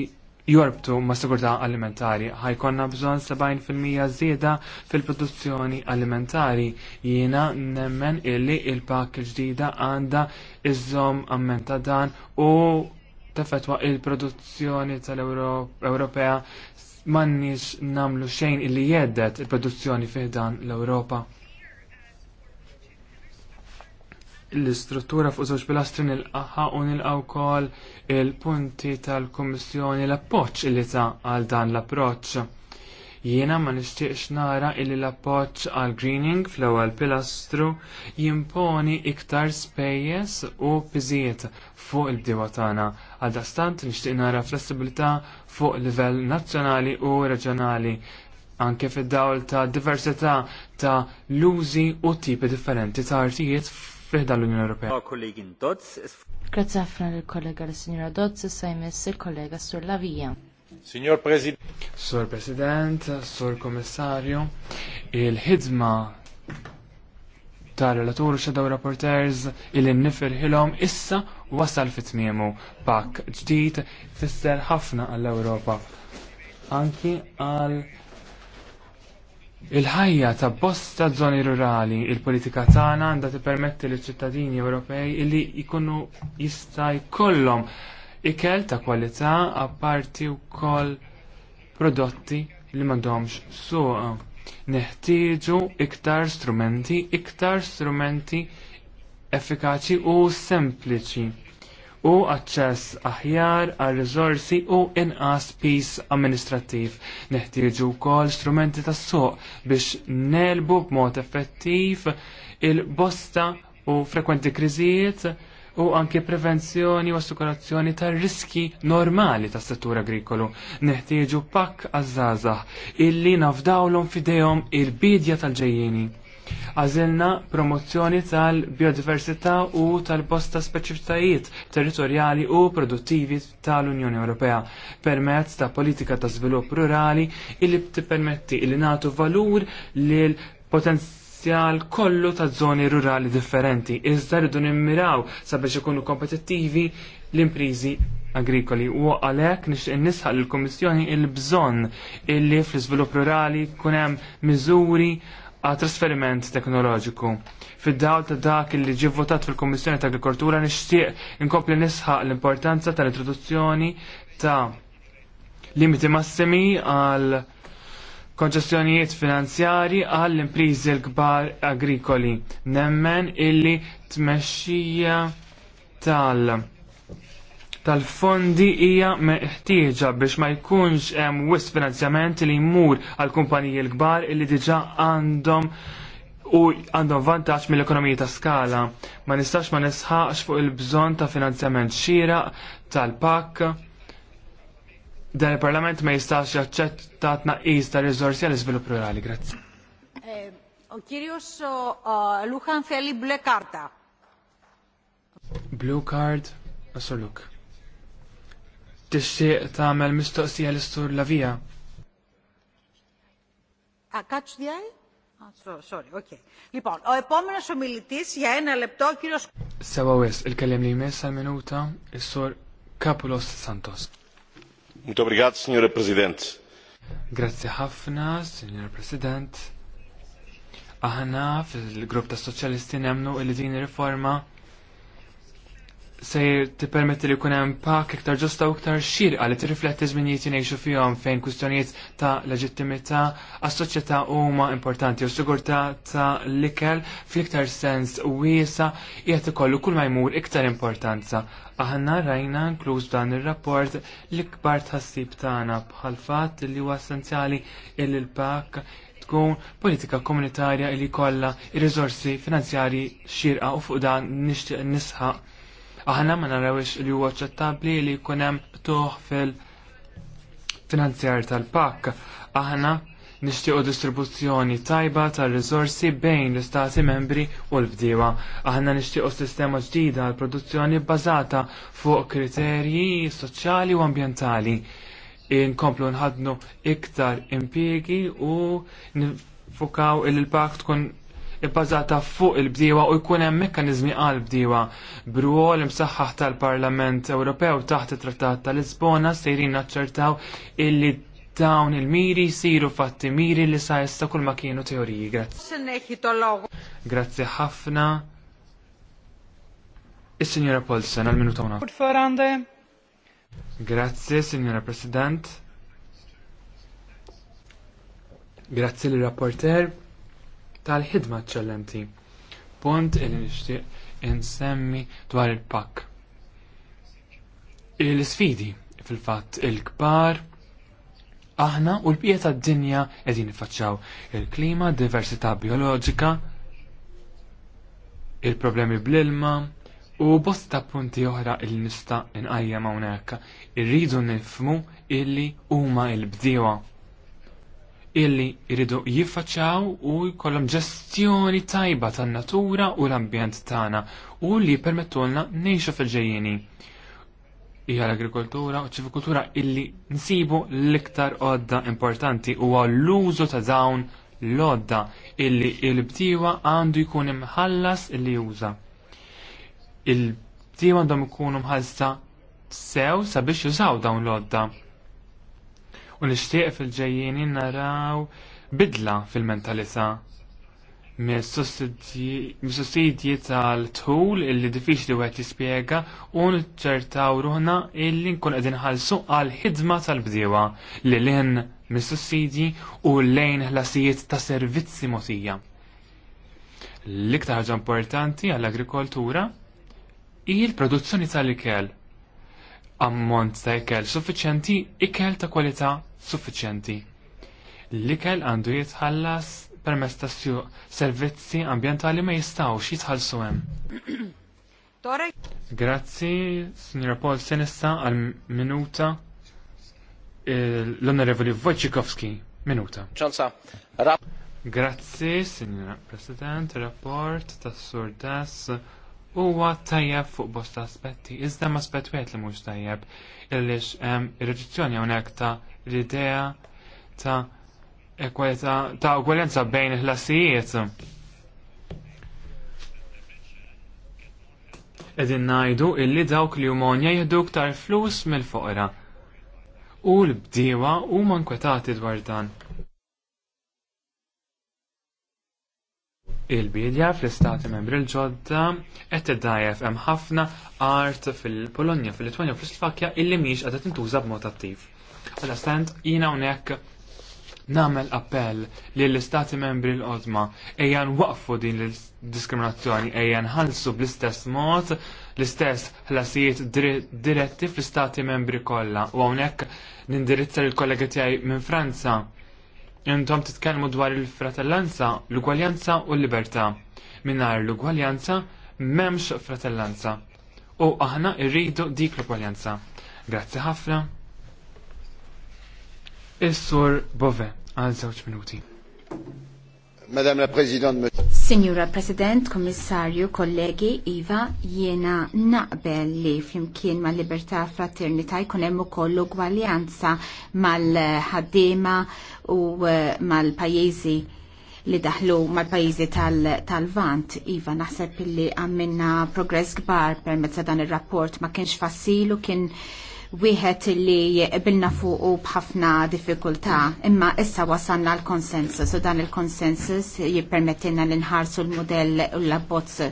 jorbtu ma' sigurtà alimentari. Ħajkonna bżonn 70% żieda fil-produzzjoni alimentari. Jiena nemmen illi il-pak ġdida għandha iżżomm ammenta dan u tefetwa il-produzzjoni tal-Ewropea nix namlu xejn illi jeddet il-produzzjoni fiħdan l-Ewropa. l-istruttura fuq żewġ pilastri nilqaħħa u nilqaw wkoll il-punti tal-Kummissjoni l-appoġġ li ta' għal dan l-approċċ. Jiena ma nixtieqx nara illi l-appoġġ għal greening fl-ewwel pilastru jimponi iktar spejjeż u piżijiet fuq il-bdiewa tagħna. Għal dastant nixtieq nara flessibilità fuq livell nazzjonali u reġjonali anke fid-dawl ta' diversità ta' lużi u tipi differenti ta' artijiet friħda l-Unjoni Ewropea. Grazzi ħafna l-kollega l signora Dodds, issa jmiss il-kollega Sur Lavija. Signor President. Sur President, Sur Komissarju, il-ħidma ta' relatur xedaw reporters il nifirħilhom issa wasal fit-tmiemu pak ġdid fisser ħafna għall-Ewropa. Anki għal Il-ħajja ta' bosta zoni rurali, il-politika tagħna għandha tippermetti liċ ċittadini Ewropej illi jkunu jista' jkollhom ikel ta' kwalità apparti wkoll prodotti li m'għandhomx suq. Neħtieġu iktar strumenti, iktar strumenti effikaċi u sempliċi u aċċess aħjar għal riżorsi u inqas pis amministrattiv. Neħtieġu wkoll strumenti tas-suq biex nelbu b'mod effettiv il-bosta u frekwenti kriżijiet u anke prevenzjoni u assikurazzjoni tar riski normali tas settur agrikolu. Neħtieġu pakk għazzazah illi nafdawlhom fidejhom il-bidja tal ġejjini Għazilna promozzjoni tal-biodiversità u tal-bosta speċifitajiet territorjali u produttivi tal-Unjoni Ewropea permezz ta' politika ta' svilupp rurali illi tippermetti illi natu valur lil potenzjali potenzjal kollu ta' zoni rurali differenti. Iżda rridu nimmiraw sabiex ikunu kompetittivi l-imprizi agrikoli u għalhekk nixtieq nisħal lill-Kummissjoni il-bżonn illi fl-iżvilupp rurali kunem hemm miżuri għat trasferiment teknoloġiku. Fid-dawl ta' dak li ġi votat fil-Kommissjoni ta' Agrikoltura nixtieq inkompli nisħaq l-importanza tal-introduzzjoni ta' limiti massimi għal konċessjonijiet finanzjari għall imprizi l-kbar agrikoli. Nemmen illi tmexxija tal- tal-fondi hija meħtieġa biex ma jkunx hemm wis finanzjament li jmur għal kumpaniji l-kbar li diġà għandhom u għandhom vantaġġ mill-ekonomija ta' skala. Ma nistax ma nisħaqx fuq il-bżonn ta' finanzjament xira tal-pakk. Dan il-Parlament ma jistax jaċċetta tnaqqis ta' riżorsi għal iżvilupp rurali. Grazzi. Ο κύριος Λούχαν θέλει μπλε Blue card, Assoluk tixtieq tagħmel mistoqsija l-istur Lavija. Κάτσε διάει. Ah, sorry, okay. Λοιπόν, ο επόμενος ομιλητής για ένα λεπτό, ο obrigado, Presidente. Grazie ħafna, Signor President. Aħna fil-grupp ta' soċjalisti nemnu il-din riforma se tippermetti li jkun hemm pak iktar ġusta u iktar xirqa li tirrifletti żminijiet jingħixu fihom fejn kwistjonijiet ta' leġittimità għas-soċjetà huma importanti u sigurtà ta' l-ikel fl-iktar sens wiesa qiegħed ikollu kull ma jmur iktar importanza. Aħna rajna nkluż dan ir-rapport l-ikbar tħassib tagħna bħal fatt li huwa essenzjali il l-pak tkun politika komunitarja li kollha ir-riżorsi finanzjarji xirqa u fuq dan nisħaq Aħna ma narawx li huwa aċċettabbli li jkun hemm tuħ fil-finanzjar tal-pakk. Aħna nixtiequ distribuzzjoni tajba tal-riżorsi bejn l-istati membri u l-bdiewa. Aħna nixtiequ sistema ġdida għal produzzjoni bbażata fuq kriterji soċjali u ambjentali. Inkomplu nħadnu iktar impjiegi u nifukaw il pakt tkun ibbażata fuq il-bdiewa u jkun hemm mekkaniżmi għal bdiewa Bruol imsaħħaħ tal-Parlament Ewropew taħt it-Trattat tal-Lisbona sejrin naċċertaw illi dawn il-miri siru fatti miri li sa jista kull ma kienu teoriji. Grazzi. Grazzi ħafna. Is-Sinjora Polsen, għal-minuta una. Grazzi, Sinjora President. Grazzi l-rapporter tal-ħidma ċellenti. Punt il nixtieq insemmi dwar il-pak. Il-sfidi fil-fatt il-kbar aħna u l-bqija tad-dinja qegħdin nifaċċaw il-klima, diversità bioloġika, il-problemi bl-ilma u bosta punti oħra il nista inqajjem hawnhekk. Irridu nifmu illi huma l-bdiewa illi jridu jiffaċċaw u jkollhom ġestjoni tajba tan-natura u l-ambjent tagħna u li jippermettulna ngħixu fil-ġejjieni. Hija l-agrikoltura u ċivikultura illi nsibu l-iktar għodda importanti huwa l-użu ta' dawn l-odda illi l bdiewa għandu jkun imħallas illi juża. Il-bdiewa għandhom ikunu mħallsa sew sabiex jużaw dawn l-odda u nixtieq fil-ġejjien naraw bidla fil-mentalità mis-sussidji tal-tul illi diffiċli wieħed jispjega u nċertaw ruħna illi nkun għedin ħalsu għal ħidma tal-bdiewa li hinn mis-sussidji u lejn ħlasijiet ta' servizzi motija. L-iktar ħaġa importanti għall-agrikoltura hi l-produzzjoni tal-ikel ammont ta' ikel suffiċjenti, ikel ta' kwalità suffiċjenti. L-ikel għandu jitħallas permess ta' servizzi ambjentali ma jistawx jitħallsu hemm. Grazzi, signora Paul Senessa, għal-minuta l-onorevoli Wojciechowski. Minuta. ċansa. Grazzi, signora President, rapport tas-surdas huwa tajjeb fuq bosta aspetti, iżda ma aspett wieħed li mhux tajjeb illiex hemm ir hawnhekk ta' l-idea ta' ekwalità ta' ugwaljanza bejn il-klassijiet. Qegħdin ngħidu illi dawk li huma jieħdu ktar flus mill-foqra. U l-bdiewa huma nkwetati dwar dan. Il-bidja fl-istati membri l-ġodda qed iddajjef hemm ħafna art fil-Polonja, fil-Litwanja u fl-Slovakkja illi mhix qed tintuża b'mod attiv. Għal stand jiena hawnhekk nagħmel appell li l-istati membri l-qodma ejja waqf'u din l-diskriminazzjoni ejja nħallsu bl-istess mod l-istess ħlasijiet diretti fl-istati membri kollha u hawnhekk nindirizza lill kollegi tiegħi minn Franza Intom titkellmu dwar il-fratellanza, l-ugwaljanza u l-libertà. Minnar l-ugwaljanza memx fratellanza. U aħna irridu dik l-ugwaljanza. Grazzi ħafna. Is-sur Bove għal żewġ minuti. Madame la President, Signora President, Kommissarju, kollegi, Iva, jiena naqbel li flimkien ma' libertà fraternita jkun hemm ukoll ugwaljanza mal-ħaddiema u eh, mal-pajjiżi li daħlu mal-pajizi tal-vant. iva, naħseb li għamminna progress gbar permezz dan il-rapport ma kienx fassilu, kien wieħed li bilna fuqu bħafna diffikultà, imma issa wasanna l-konsensus u dan il-konsensus jippermettilna li nħarsu l-modell u l-abbozz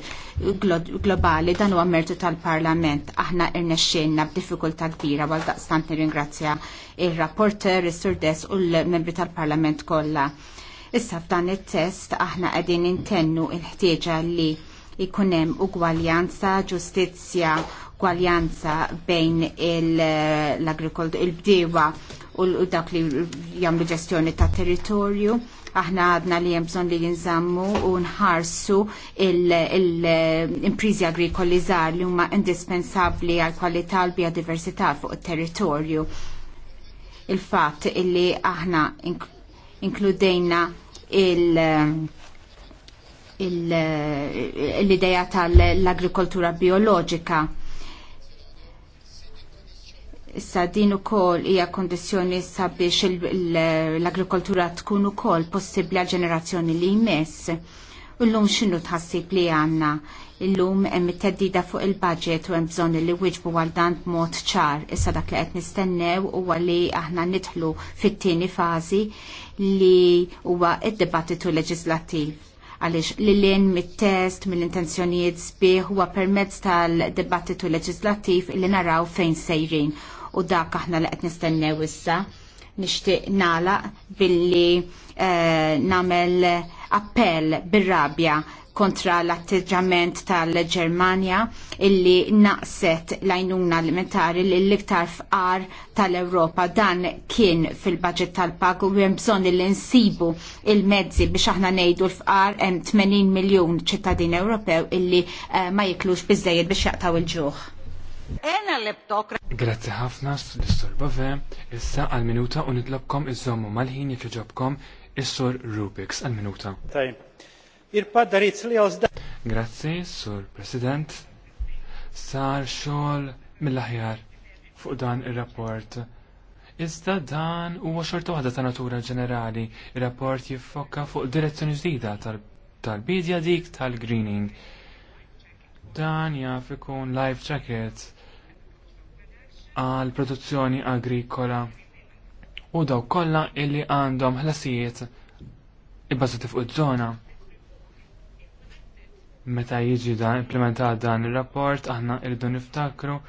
globali dan huwa mertu tal-Parlament. Aħna irnexxinna b'diffikultà kbira għal daqstant nirringrazzja ir-rapporter, is surdess u l-membri tal-Parlament kollha. Issa f'dan it-test aħna qegħdin intennu l ħtieġa li jkun hemm ugwaljanza, ġustizzja kwaljanza bejn l-bdiewa u dak li jamlu ġestjoni ta' territorju. Aħna għadna li jemżon li jinżammu u nħarsu l-imprizi agrikoli zaħr li huma indispensabli għal kwalità l biodiversità fuq il-territorju. Il-fat illi aħna inkludejna il- l-ideja tal-agrikoltura biologika Issa din ukoll hija kondizzjoni sabiex l-agrikoltura tkun ukoll possibbli għal ġenerazzjoni li jmiss. Illum x'inhu tħassib li għandna illum hemm it-teddida fuq il-budget u hemm bżonn li wieġbu għal dan b'mod ċar. Issa dak li qed nistennew huwa li aħna nidħlu fit-tieni fażi li huwa id-dibattitu leġislattiv għaliex li l-in mit-test, mill-intenzjonijiet sbieħ huwa permezz tal-dibattitu leġislattiv li naraw fejn sejrin u dak aħna li qed nistennew issa nixtieq nagħlaq billi eh, nagħmel appell bir-rabja kontra l-atteġġament tal-Ġermanja illi naqset l-għajnuna alimentari li l-iktar fqar tal-Europa dan kien fil-budget tal-pag u hemm bżonn li nsibu il-mezzi biex aħna ngħidu l-fqar hemm 80 miljun ċittadin Ewropew illi eh, ma jiklux biżejjed biex jaqtaw il-ġuħ. Grazzi ħafna s sur Bove, issa għal-minuta u nitlobkom iż-żommu mal-ħin jekk iġobkom is-Sur Rubiks għal-minuta. Grazzi, Sur President. Sar xogħol mill-aħjar fuq dan ir-rapport. Iżda dan huwa xorta waħda ta' natura ġenerali, ir-rapport jiffokka fuq direzzjoni ġdida tal-bidja dik tal-greening. Dan jaf ikun life jacket għal produzzjoni agrikola u daw kollha illi għandhom ħlasijiet ibbażati fuq iż-żona. Meta jiġi dan implementat dan ir-rapport aħna rridu niftakru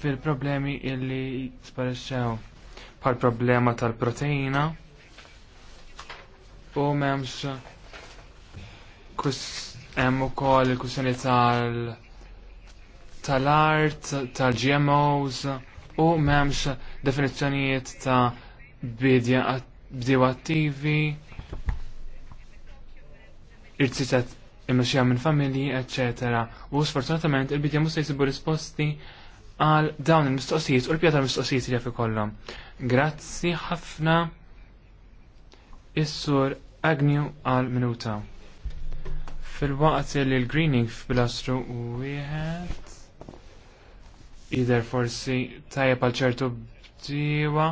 fil-problemi illi sparixxew bħal problema tal-proteina u m'hemmx hemm ukoll il-kwistjoni tal-, -proteina, tal-art, tal-GMOs u memx definizjonijiet ta' bidju attivi, irtsitat imma minn familji, etc. U sfortunatament il-bidja musta jisibu risposti għal dawn il-mistoqsijiet u l-pjata mistoqsijiet li għafi kollom. Grazzi ħafna is-sur Agnew għal minuta. Fil-waqt li l-greening f'bilastru u wieħed jider forsi tajjeb għal ċertu bdiewa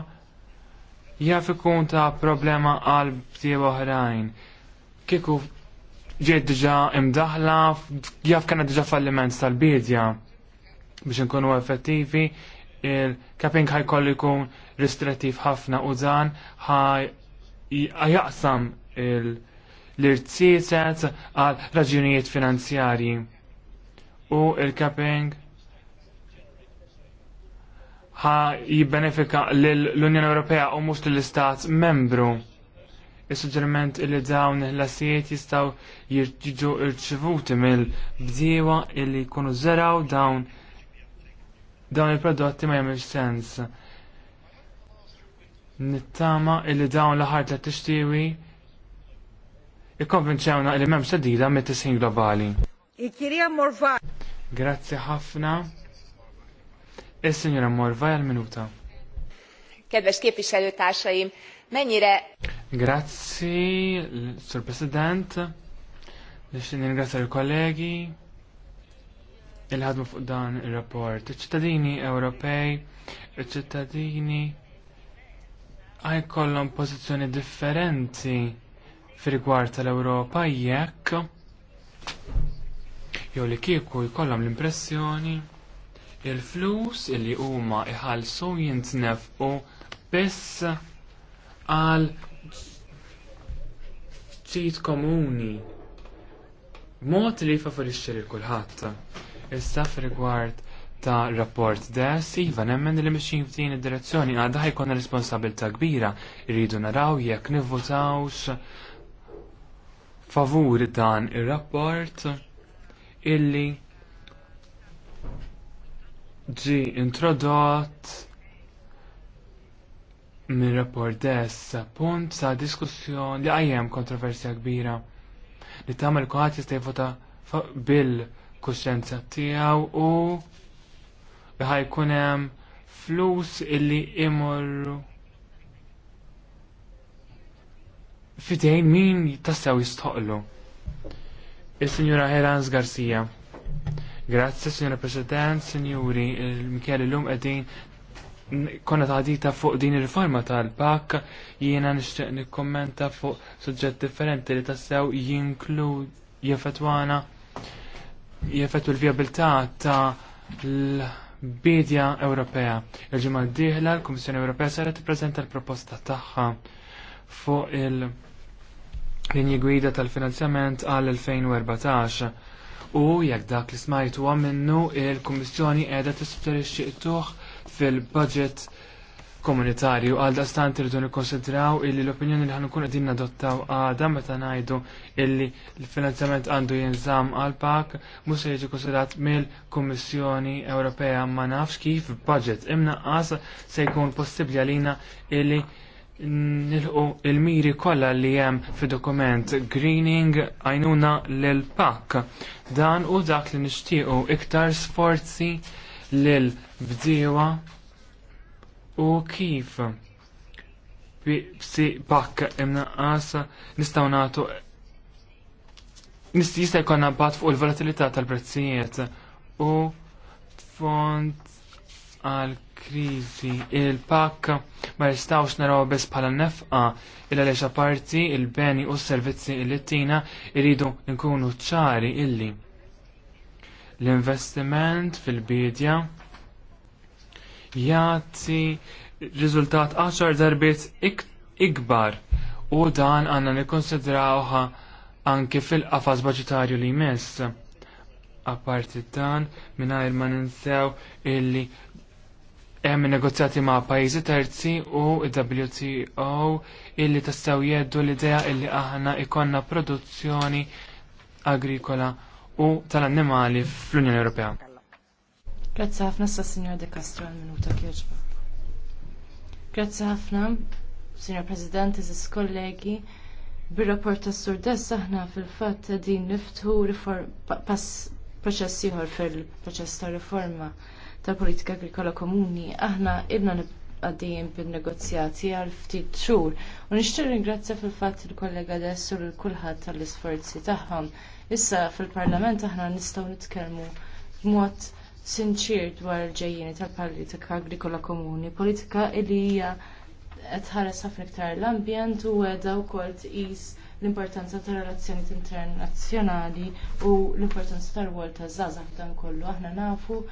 jaf ikun ta' problema għal bdiewa oħrajn. Kieku ġed diġa' imdaħla, jaf kena diġà falliment tal-bidja biex nkunu effettivi il-capping ħaj kollikum ristrettiv ħafna u dan ħaj jaqsam l-irtsietet għal raġunijiet finanzjarji u il-capping ħa jibbenefika l-Unjoni Ewropea u mhux lill-Istat membru. Is-suġġeriment li dawn l-assijiet jistgħu jiġu rċivuti mill-bdiewa li jkunu żeraw dawn dawn il-prodotti ma jagħmilx sens. Nittama illi dawn l-aħħar tliet tixtiewi ikkonvinċewna li m'hemmx tedida mit-tisħin globali. Ikkirija Grazzi ħafna. Is-Sinjura eh, Morvaj għal-minuta. Kedves képviselőtársaim, mennyire... Grazzi, Sur President, nixtin ringrazzja l-kollegi, il-ħadmu fuq dan il-rapport. Iċ-ċittadini Ewropej, iċ-ċittadini għaj kollon pozizjoni differenti fi rigward tal-Ewropa jekk jew li kieku jkollhom l-impressjoni il-flus illi huma iħallsu jintnefqu biss għal ċit komuni mod li favorixxi lil kulħadd. Issa f'rigward ta' rapport des, iva nemmen li mixin f'din id-direzzjoni għadha ħajkun responsabilta' kbira rridu naraw jekk nivvotawx favur dan ir-rapport illi ġi introdott minn rapport dessa punt sa' diskussjon li għajjem kontroversja kbira li tamal kuħat jistaj vota bil-kuxenza tijaw u li ħajkunem flus illi imorru fidejn min jittassaw jistoqlu. Il-Signora Herans Garcia. Grazzi, Signora President, Signori, Michele l-lum għedin konna taħdita fuq din il-riforma tal-pak jiena nixtieq nikkommenta fuq suġġett differenti li tassew jinklu jeffetwana jeffettu l viabilità ta' l-bidja Ewropea. Il-ġimgħa d-dieħla l-Kummissjoni Ewropea sara tippreżenta l-proposta tagħha fuq il- linji gwida tal-finanzjament għal 2014 u jekk dak li smajtu għamennu il-Kummissjoni qiegħda tissuġġerixxi tuħ fil-budget komunitarju għal daqstant irridu nikkonsidraw illi l-opinjoni li ħankun qegħdin nadottaw għadha meta ngħidu illi l-finanzjament għandu jinżamm għal pak mhux se jiġi konsidrat mill-Kummissjoni Ewropea ma nafx kif budget imnaqqas se jkun possibbli għalina illi nilqu il-miri kollha li hemm fid-dokument greening għajnuna lil pak dan u dak li nixtiequ iktar sforzi lil bdiewa u kif b'si pakk imnaqqas nistgħu nagħtu jista' jkollna bat fuq il-volatilità tal-prezzijiet u fond għal kriżi il-pak ma jistawx naraw biss bħala nefqa il għaliex parti il-beni u s-servizzi il-littina jridu nkunu ċari illi l-investiment fil-bidja jagħti riżultat 10 darbiet ikbar u dan għandna nikkonsidrawha anke fil-qafas budġetarju li jmiss apparti dan mingħajr ma ninsew illi hemm negozjati ma' pajjiżi terzi u WTO illi tistgħu jgħidu l-idea illi aħna ikonna produzzjoni agrikola u tal-annimali fl-Unjoni Ewropea. Grazzi ħafna sa' Signor De Castro għal-minuta kieġba. Grazzi ħafna, Signor President, iżis kollegi, bir-rapport tas surdess aħna fil-fatt din niftħu pass proċess ieħor fil-proċess ta' riforma tal-politika agrikola komuni, aħna ibna għaddejjin bil-negozjati għal ftit xhur. U nixtieq ringrazzja fil-fatt il-kollega Dessur il kulħadd tal-isforzi tagħhom. Issa fil-Parlament aħna nistgħu nitkellmu b'mod sinċir dwar il-ġejjini tal-politika agrikola komuni, politika li hija qed ħares ħafna iktar l-ambjent u għedha wkoll tqis l-importanza tar relazzjonijiet internazzjonali u l-importanza tal-wol taż-żgħażagħ f'dan kollu aħna nafu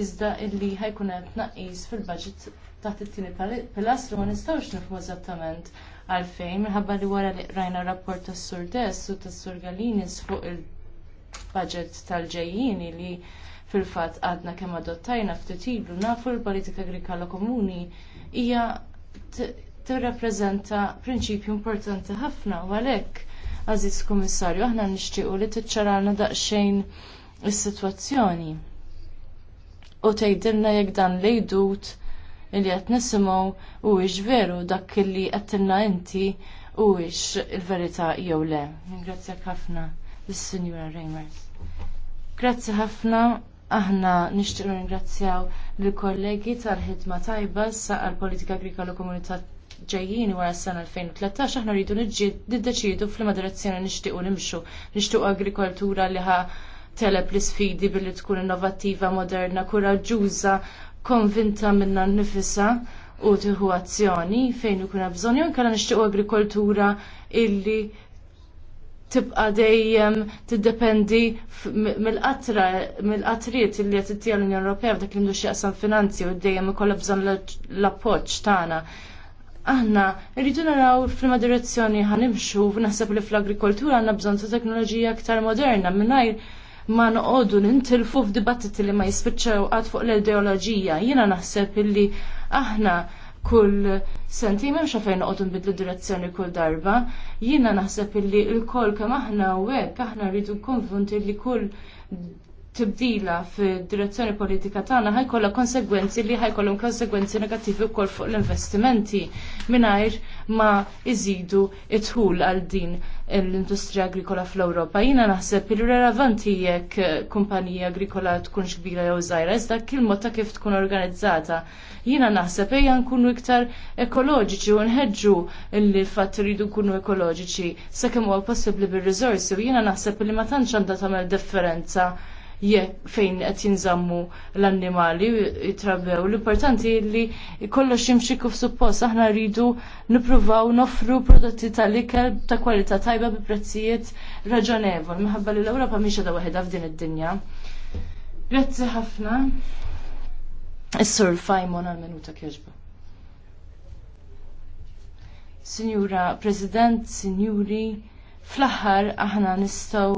iżda illi ħajkun hemm tnaqqis fil-budget taħt it-tieni pilastru ma nistgħux nifhmu eżattament għalfejn minħabba li wara li qrajna rapport tas-Sur Dess u tas-Sur Galinis fuq il-budget tal-ġejjini li fil-fatt għadna kemm adottajna ftit ilu nafu l-politika agrikola komuni hija tirrappreżenta prinċipju importanti ħafna u għalhekk Aziz Kummissarju aħna nixtiequ li tiċċaralna daqsxejn is-sitwazzjoni u tgħidilna jekk dan lejdut li qed nisimgħu huwiex veru dak li qedtilna inti huwiex il-verità jew le. Ningrazzjak ħafna lis-Sinjura Reimers. Grazzi ħafna aħna nixtieq ringrazzjaw lill-kollegi tal-ħidma tajba sa għall-Politika Agrikola Komunità ġejjin wara s-sena 2013 aħna rridu niddeċidu fl-ma direzzjoni nixtiequ nimxu, nixtiequ agrikoltura li ħa teleb l-isfidi billi tkun innovattiva, moderna, kuraġuża, konvinta minna nifisa u tiħu azzjoni fejn ikun kuna bżonn jew inkella nixtiequ agrikoltura illi tibqa dejjem tiddependi mill-qatra mill-qatriet li qed ittija l-Unjoni Ewropea f'dak li x'jaqsam finanzi u dejjem ikollha bżonn l-appoġġ tagħna. Aħna rridu naraw f'liema direzzjoni ħanimxu naħseb li fl-agrikoltura għandna bżonn ta' teknoloġija aktar moderna mingħajr ma noqogħdu nintilfu f'dibattiti li ma jispiċċaw għad fuq l ideologija Jiena naħseb illi aħna kull senti m'hemmx fejn noqogħdu nbidlu direzzjoni kull darba. Jiena naħseb illi l-kol kemm aħna u hekk aħna rridu konvunti li kull tibdila fid-direzzjoni politika tagħna ħajkollha konsegwenzi li ħajkollhom konsegwenzi negattivi wkoll fuq l-investimenti mingħajr ma iżidu it-tħul għal din l-industrija agrikola fl-Ewropa. Jiena naħseb li relevanti jekk kumpanija agrikola tkun kbira jew żgħira, iżda mod ta' kif tkun organizzata. Jiena naħseb ejja nkunu iktar ekoloġiċi u nħeġġu li fatt iridu nkunu ekoloġiċi sakemm huwa possibbli bir-riżorsi u jiena naħseb li ma tantx għandha tagħmel differenza fejn qed jinżammu l-annimali jitrabew. L-importanti li kollox jimxi kif suppost aħna rridu nippruvaw nofru prodotti tal-ikel ta' kwalità tajba bi prezzijiet raġonevol. Minħabba li l-Ewropa mhix qiegħda waħedha f'din id-dinja. Grazzi ħafna. Is-sur Fajmon għal-minuta kieġba. Signora President, Signori, fl-aħħar aħna nistgħu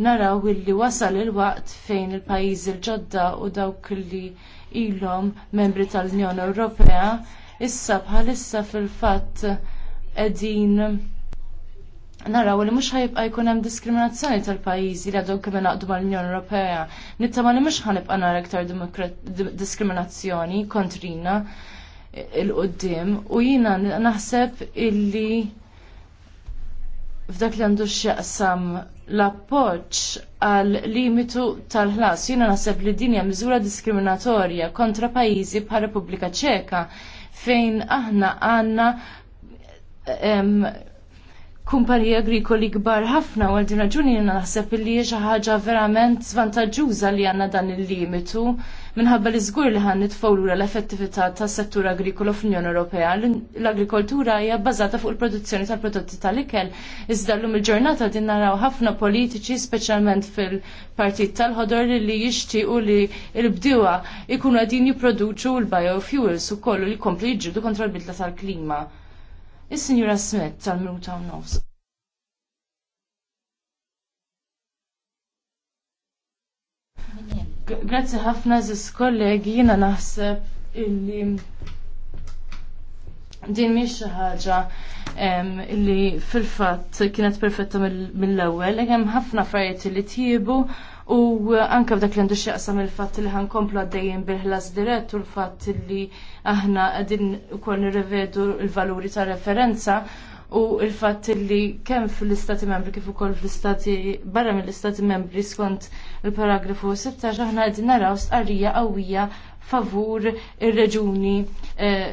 naraw illi wasal il-waqt fejn il-pajjiżi l-ġodda u dawk li ilhom membri tal-Unjoni Ewropea issa bħalissa fil-fatt qegħdin naraw li mhux ħajbqa' jkun hemm diskriminazzjoni tal-pajjiżi li għadhom kemm ingħaqdu mal-Unjoni Ewropea. Nittama li mhux ħanibqa' nara iktar diskriminazzjoni kontrina il quddiem u jiena naħseb illi f'dak li għandu x'jaqsam l-appoġġ għal limitu tal-ħlas. Jiena naħseb li din hija miżura diskriminatorja kontra pajjiżi bħal Repubblika Ċeka fejn aħna għandna kumpanija agrikoli kbar ħafna u għaldin raġuni jena naħseb li xi ħaġa verament svantaġġuża li għandna dan il-limitu minħabba li żgur li ħan nitfgħu lura l-effettività tas-settur agrikolo fl-Unjoni Ewropea. L-agrikoltura hija bbażata fuq il-produzzjoni tal-prodotti tal-ikel. Iżda llum il-ġurnata din naraw ħafna politiċi speċjalment fil-Partit tal-Ħodor li jixtiequ li l-bdiewa ikunu qegħdin jipproduċu l-biofuels ukoll li jkomplu jiġġieldu kontra l-bidla tal-klima. Is-Sinjura Smith tal-Minuta u Nofs. Grazzi ħafna ziz kollegi jiena naħseb illi din mhix xi ħaġa li fil-fatt kienet perfetta mill-ewwel, hemm ħafna affarijiet li tjiebu U anke f'dak li għandu x'jaqsam il fat li ħankomplu għaddejjin bil-ħlas dirett u l-fatt li aħna qegħdin ukoll nirrevedu l-valuri ta' referenza u l fat li kemm fl-Istati Membri kif ukoll fl-Istati barra mill-Istati Membri skont il-paragrafu 16 aħna qegħdin naraw stqarrija qawwija favur ir-reġuni eh,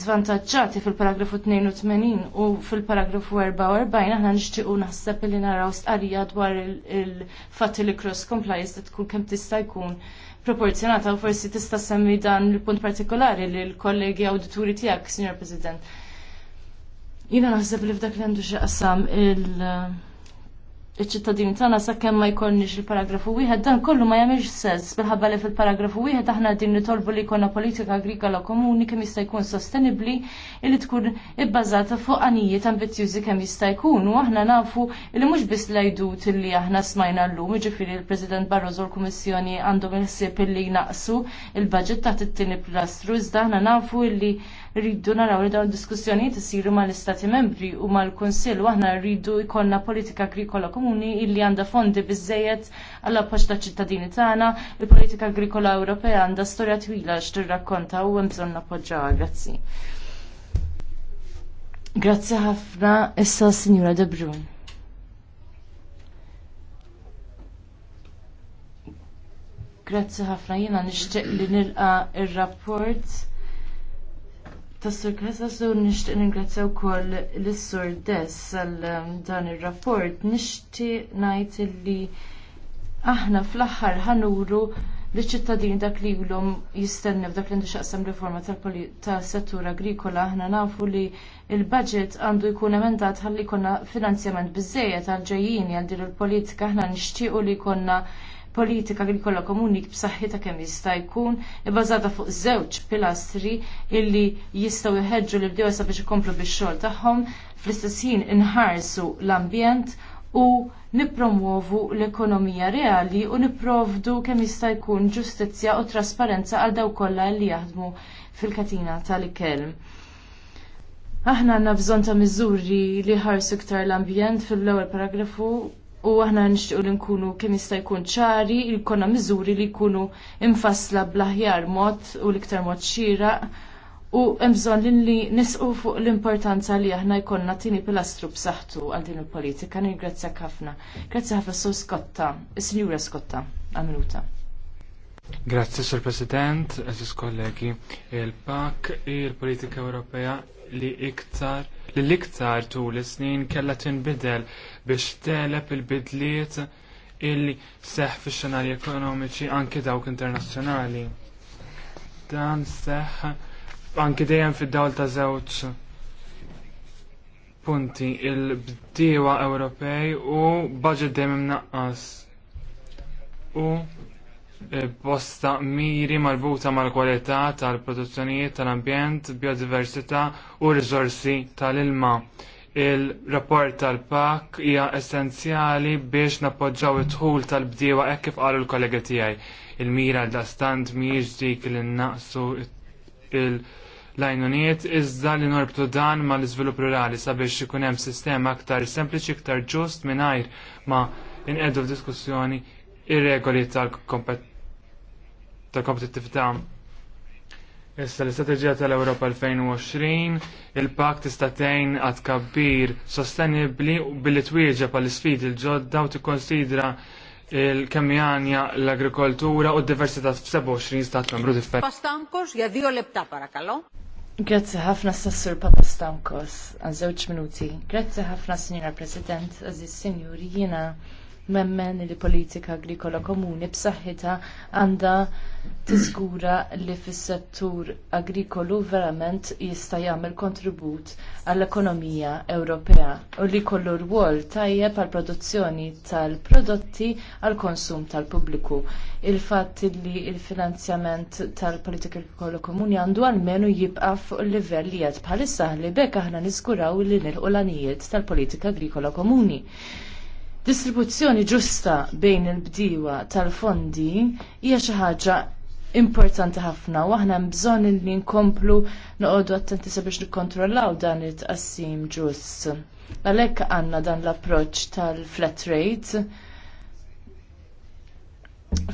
zvantagġati fil-paragrafu 82 u fil-paragrafu 44 aħna nixtiequ naħseb li naraw stqarrija dwar il-fatti li cross compliance tkun kemm tista' jkun proporzjonata u forsi tista' semmi dan il-punt partikolari li l-kollegi awdituri tiegħek, Signor President. Jiena naħseb li f'dak li għandu xi qasam il- iċ-ċittadini tagħna sakemm ma jkollniex il-paragrafu wieħed dan kollu ma jagħmilx sens minħabba li fil-paragrafu wieħed aħna qegħdin nitolbu li jkollna politika agrikola komuni kemm jista' jkun sostenibbli li tkun ibbażata fuq għanijiet ambizzjużi kemm jista' jkun u aħna nafu li mhux biss lajdut li aħna smajna llum, jiġifieri il-President Barroso l-Kummissjoni għandhom il-ħsieb illi jnaqsu il-baġġett taħt it-tieni pilastru iżda aħna nafu li rridu naraw li dawn diskussjonijiet isiru mal-Istati membri u mal-Kunsill u aħna rridu jkollna politika agrikola komuni illi għandha fondi biżejjed għall appoġġ taċ ċittadini tagħna, il-politika agrikola Ewropea għandha storja twila tirrakkonta u hemm bżonn nappoġġawha. Grazzi. Grazzi ħafna issa Sinjura De Brun. Grazzi ħafna jiena nixtieq li nilqa ir-rapport tas-Sur Kazas u nixtieq ningrazzja wkoll lis-Sur Dess għal um, dan ir-rapport. Nixtieq ngħid li aħna fl-aħħar ħanuru l-ċittadini dak li ilhom jistennew dak li xaqsam riforma tal-settur agrikola aħna nafu li l budget għandu jkun emendat ħalli jkollna finanzjament biżżejjed għal ġejjini għal din il-politika aħna nixtiequ li jkollna politika agrikola komuni b'saħħitha kemm jista' jkun ibbażata e fuq żewġ pilastri illi jistgħu jħeġġu li bdew biex ikomplu bix-xogħol tagħhom fl-istess ħin inħarsu l-ambjent u nippromuovu l-ekonomija reali u nipprovdu kemm jista' jkun ġustizzja u trasparenza għal daw kollha li jaħdmu fil-katina tal-ikel. Aħna għandna bżonn ta' miżuri li ħarsu iktar l-ambjent fil-ewwel paragrafu u aħna nixtiequ li nkunu kemm jista' jkun ċari li jkollna miżuri li jkunu imfassla bl-aħjar mod u l-iktar mod xieraq u hemm bżonn li nisqu fuq l-importanza li aħna jkollna tieni pilastru b'saħħtu għal din il-politika. Ningrazzjak ħafna. Grazzi ħafna Sur Skotta, is-Sinjura Skotta, għal Grazzi, Sur President, Aziz kollegi. Il-PAK, il-Politika Ewropea, li iktar li l-iktar tul is-snin kellha tinbidel biex telep il-bidliet illi seħ fix xenarji ekonomiċi anke dawk internazzjonali. Dan seħ anke dejjem fid-dawl ta' żewġ punti il-bdiewa Ewropej u budget dejjem naqqas. U Posta eh, miri marbuta mal-kwalità tal-produzzjonijiet tal-ambjent, biodiversità u rizorsi tal-ilma. Il-rapport tal-PAK hija essenzjali biex nappoġġaw it-tħul tal-bdiewa hekk kif qalu l-kollega tiegħi. Il-mira da stand mhijiex dik li naqsu l lajnuniet iżda li norbtu dan mal iżvilupp rurali sabiex ikun hemm sistema aktar sempliċi, iktar ġust mingħajr ma inqedu f'diskussjoni ir-regoli tal-kompetittività. Issa l-istrateġija tal-Europa 2020, il-pakt tista' għad kabbir sostenibbli billi twieġa pal sfid il-ġodda u tikkonsidra il kemjanja l-agrikoltura u d-diversità f-27 stat membru differenti. Pastankos, jadio lebta parakalo. Grazzi ħafna s-sassur Papastankos Stankos, għal żewġ minuti. Grazzi ħafna, Signora President, s sinjuri jiena memmen li politika agrikola komuni b'saħħitha għandha tiżgura li fis-settur agrikolu verament jista' jagħmel kontribut għall-ekonomija Ewropea u li jkollu rwol tajjeb għall produzzjoni tal-prodotti għall konsum tal-pubbliku. Il-fatt li l finanzjament tal-politika agrikola komuni għandu għalmenu jibqa' fuq il-livell li qed bħalissa li bekk aħna niżguraw li nilqu l-għanijiet tal-politika agrikola komuni. Distribuzzjoni ġusta bejn il-bdiewa tal-fondi hija xi ħaġa importanti ħafna u aħna hemm bżonn li nkomplu noqogħdu attenti sabiex nikkontrollaw dan it-tqassim ġust. Għalhekk għandna dan l-approċċ tal-flat rate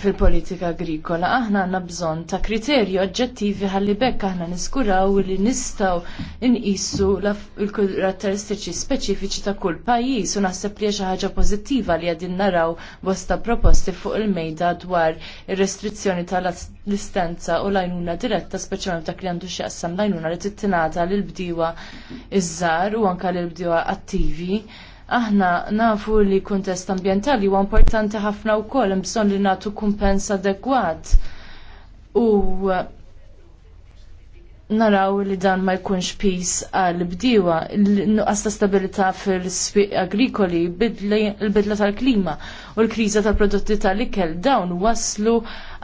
fil-politika agrikola aħna għandna bżonn ta' kriterji oġġettivi ħalli bekk aħna niskuraw li nistgħu nqisu l-karatteristiċi speċifiċi ta' kull pajjiż u naħseb li xi ħaġa pożittiva li qegħdin naraw bosta proposti fuq il-mejda dwar ir-restrizzjoni tal-istenza u l-għajnuna diretta speċjalment dak li għandu x'jaqsam l-għajnuna li tittinata lill bdiewa iż-żgħar u anke lill bdiewa attivi. Aħna nafu li kuntest ambjentali huwa importanti ħafna wkoll hemm bżonn li nagħtu kumpens adekwat. U uh, naraw li dan ma jkunx pis għal bdiewa nuqqas ta' stabilità fil-sfiq agrikoli, il-bidla tal-klima u l-kriża tal-prodotti tal-ikel dawn waslu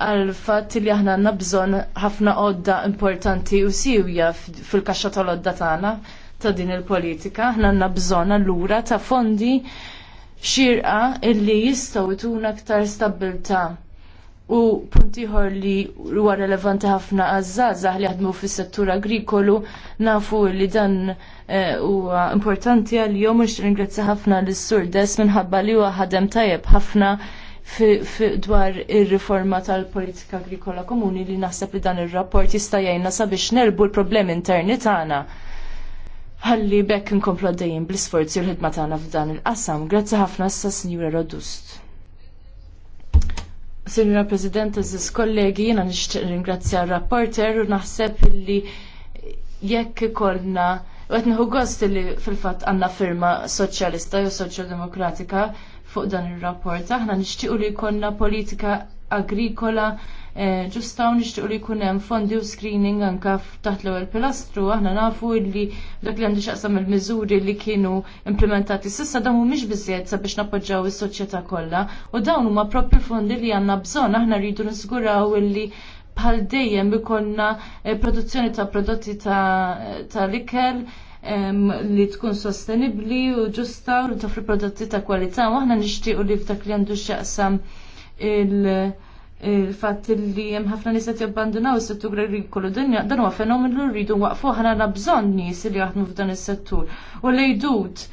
għal fatt li aħna għandna bżonn ħafna għodda importanti u siwja fil-kaxxa tal-għodda tagħna ta' din il-politika. Aħna għandna bżonn allura ta' fondi xirqa illi jistgħu jtuna aktar stabilta' U puntiħor li huwa relevanti ħafna għaż-żgħażagħ li jaħdmu fis-settur agrikolu nafu li dan eh, huwa uh, importanti għalihom u ringrazzja ħafna lis sur Des minħabba li huwa ħadem tajjeb ħafna dwar ir-riforma tal-politika agrikola komuni li naħseb li dan ir-rapport jista' jgħinna sabiex nerbu l-problemi interni tagħna ħalli bekk nkomplu għaddejjin bl-isforzi u l-ħidma tagħna f'dan il-qasam. Grazzi ħafna issa Sinjura Rodust. Sinjura President, eżis kollegi, jiena nixtieq ringrazzja r-rapporter u naħseb li jekk ikollna u nħu gost li fil-fatt għandna firma soċjalista jew soċjaldemokratika fuq dan ir-rapport. Aħna nixtiequ li jkollna politika agrikola Eh, ġustaw nixtiequ li jkun hemm fondi u screening anke taħt l-ewwel pilastru aħna nafu li dak li għandu x'aqsam il-miżuri li kienu implementati s'issa dawn mhumiex biżjed sabiex nappoġġjaw is-soċjetà kollha u dawn huma proprju fondi li għandna bżonn aħna rridu nisguraw illi bħal dejjem ikollna eh, produzzjoni ta' prodotti ta' ikel li tkun sostenibli u ġusta u toffri prodotti ta' kwalità u aħna nixtiequ li f'dak li għandu x'jaqsam il- il-fatt li hemm ħafna nies qed jabbandunaw is-settur kollu dinja dan huwa fenomenu li rridu waqfu ħana bżonn nies li jaħdmu f'dan is-settur. U lejdut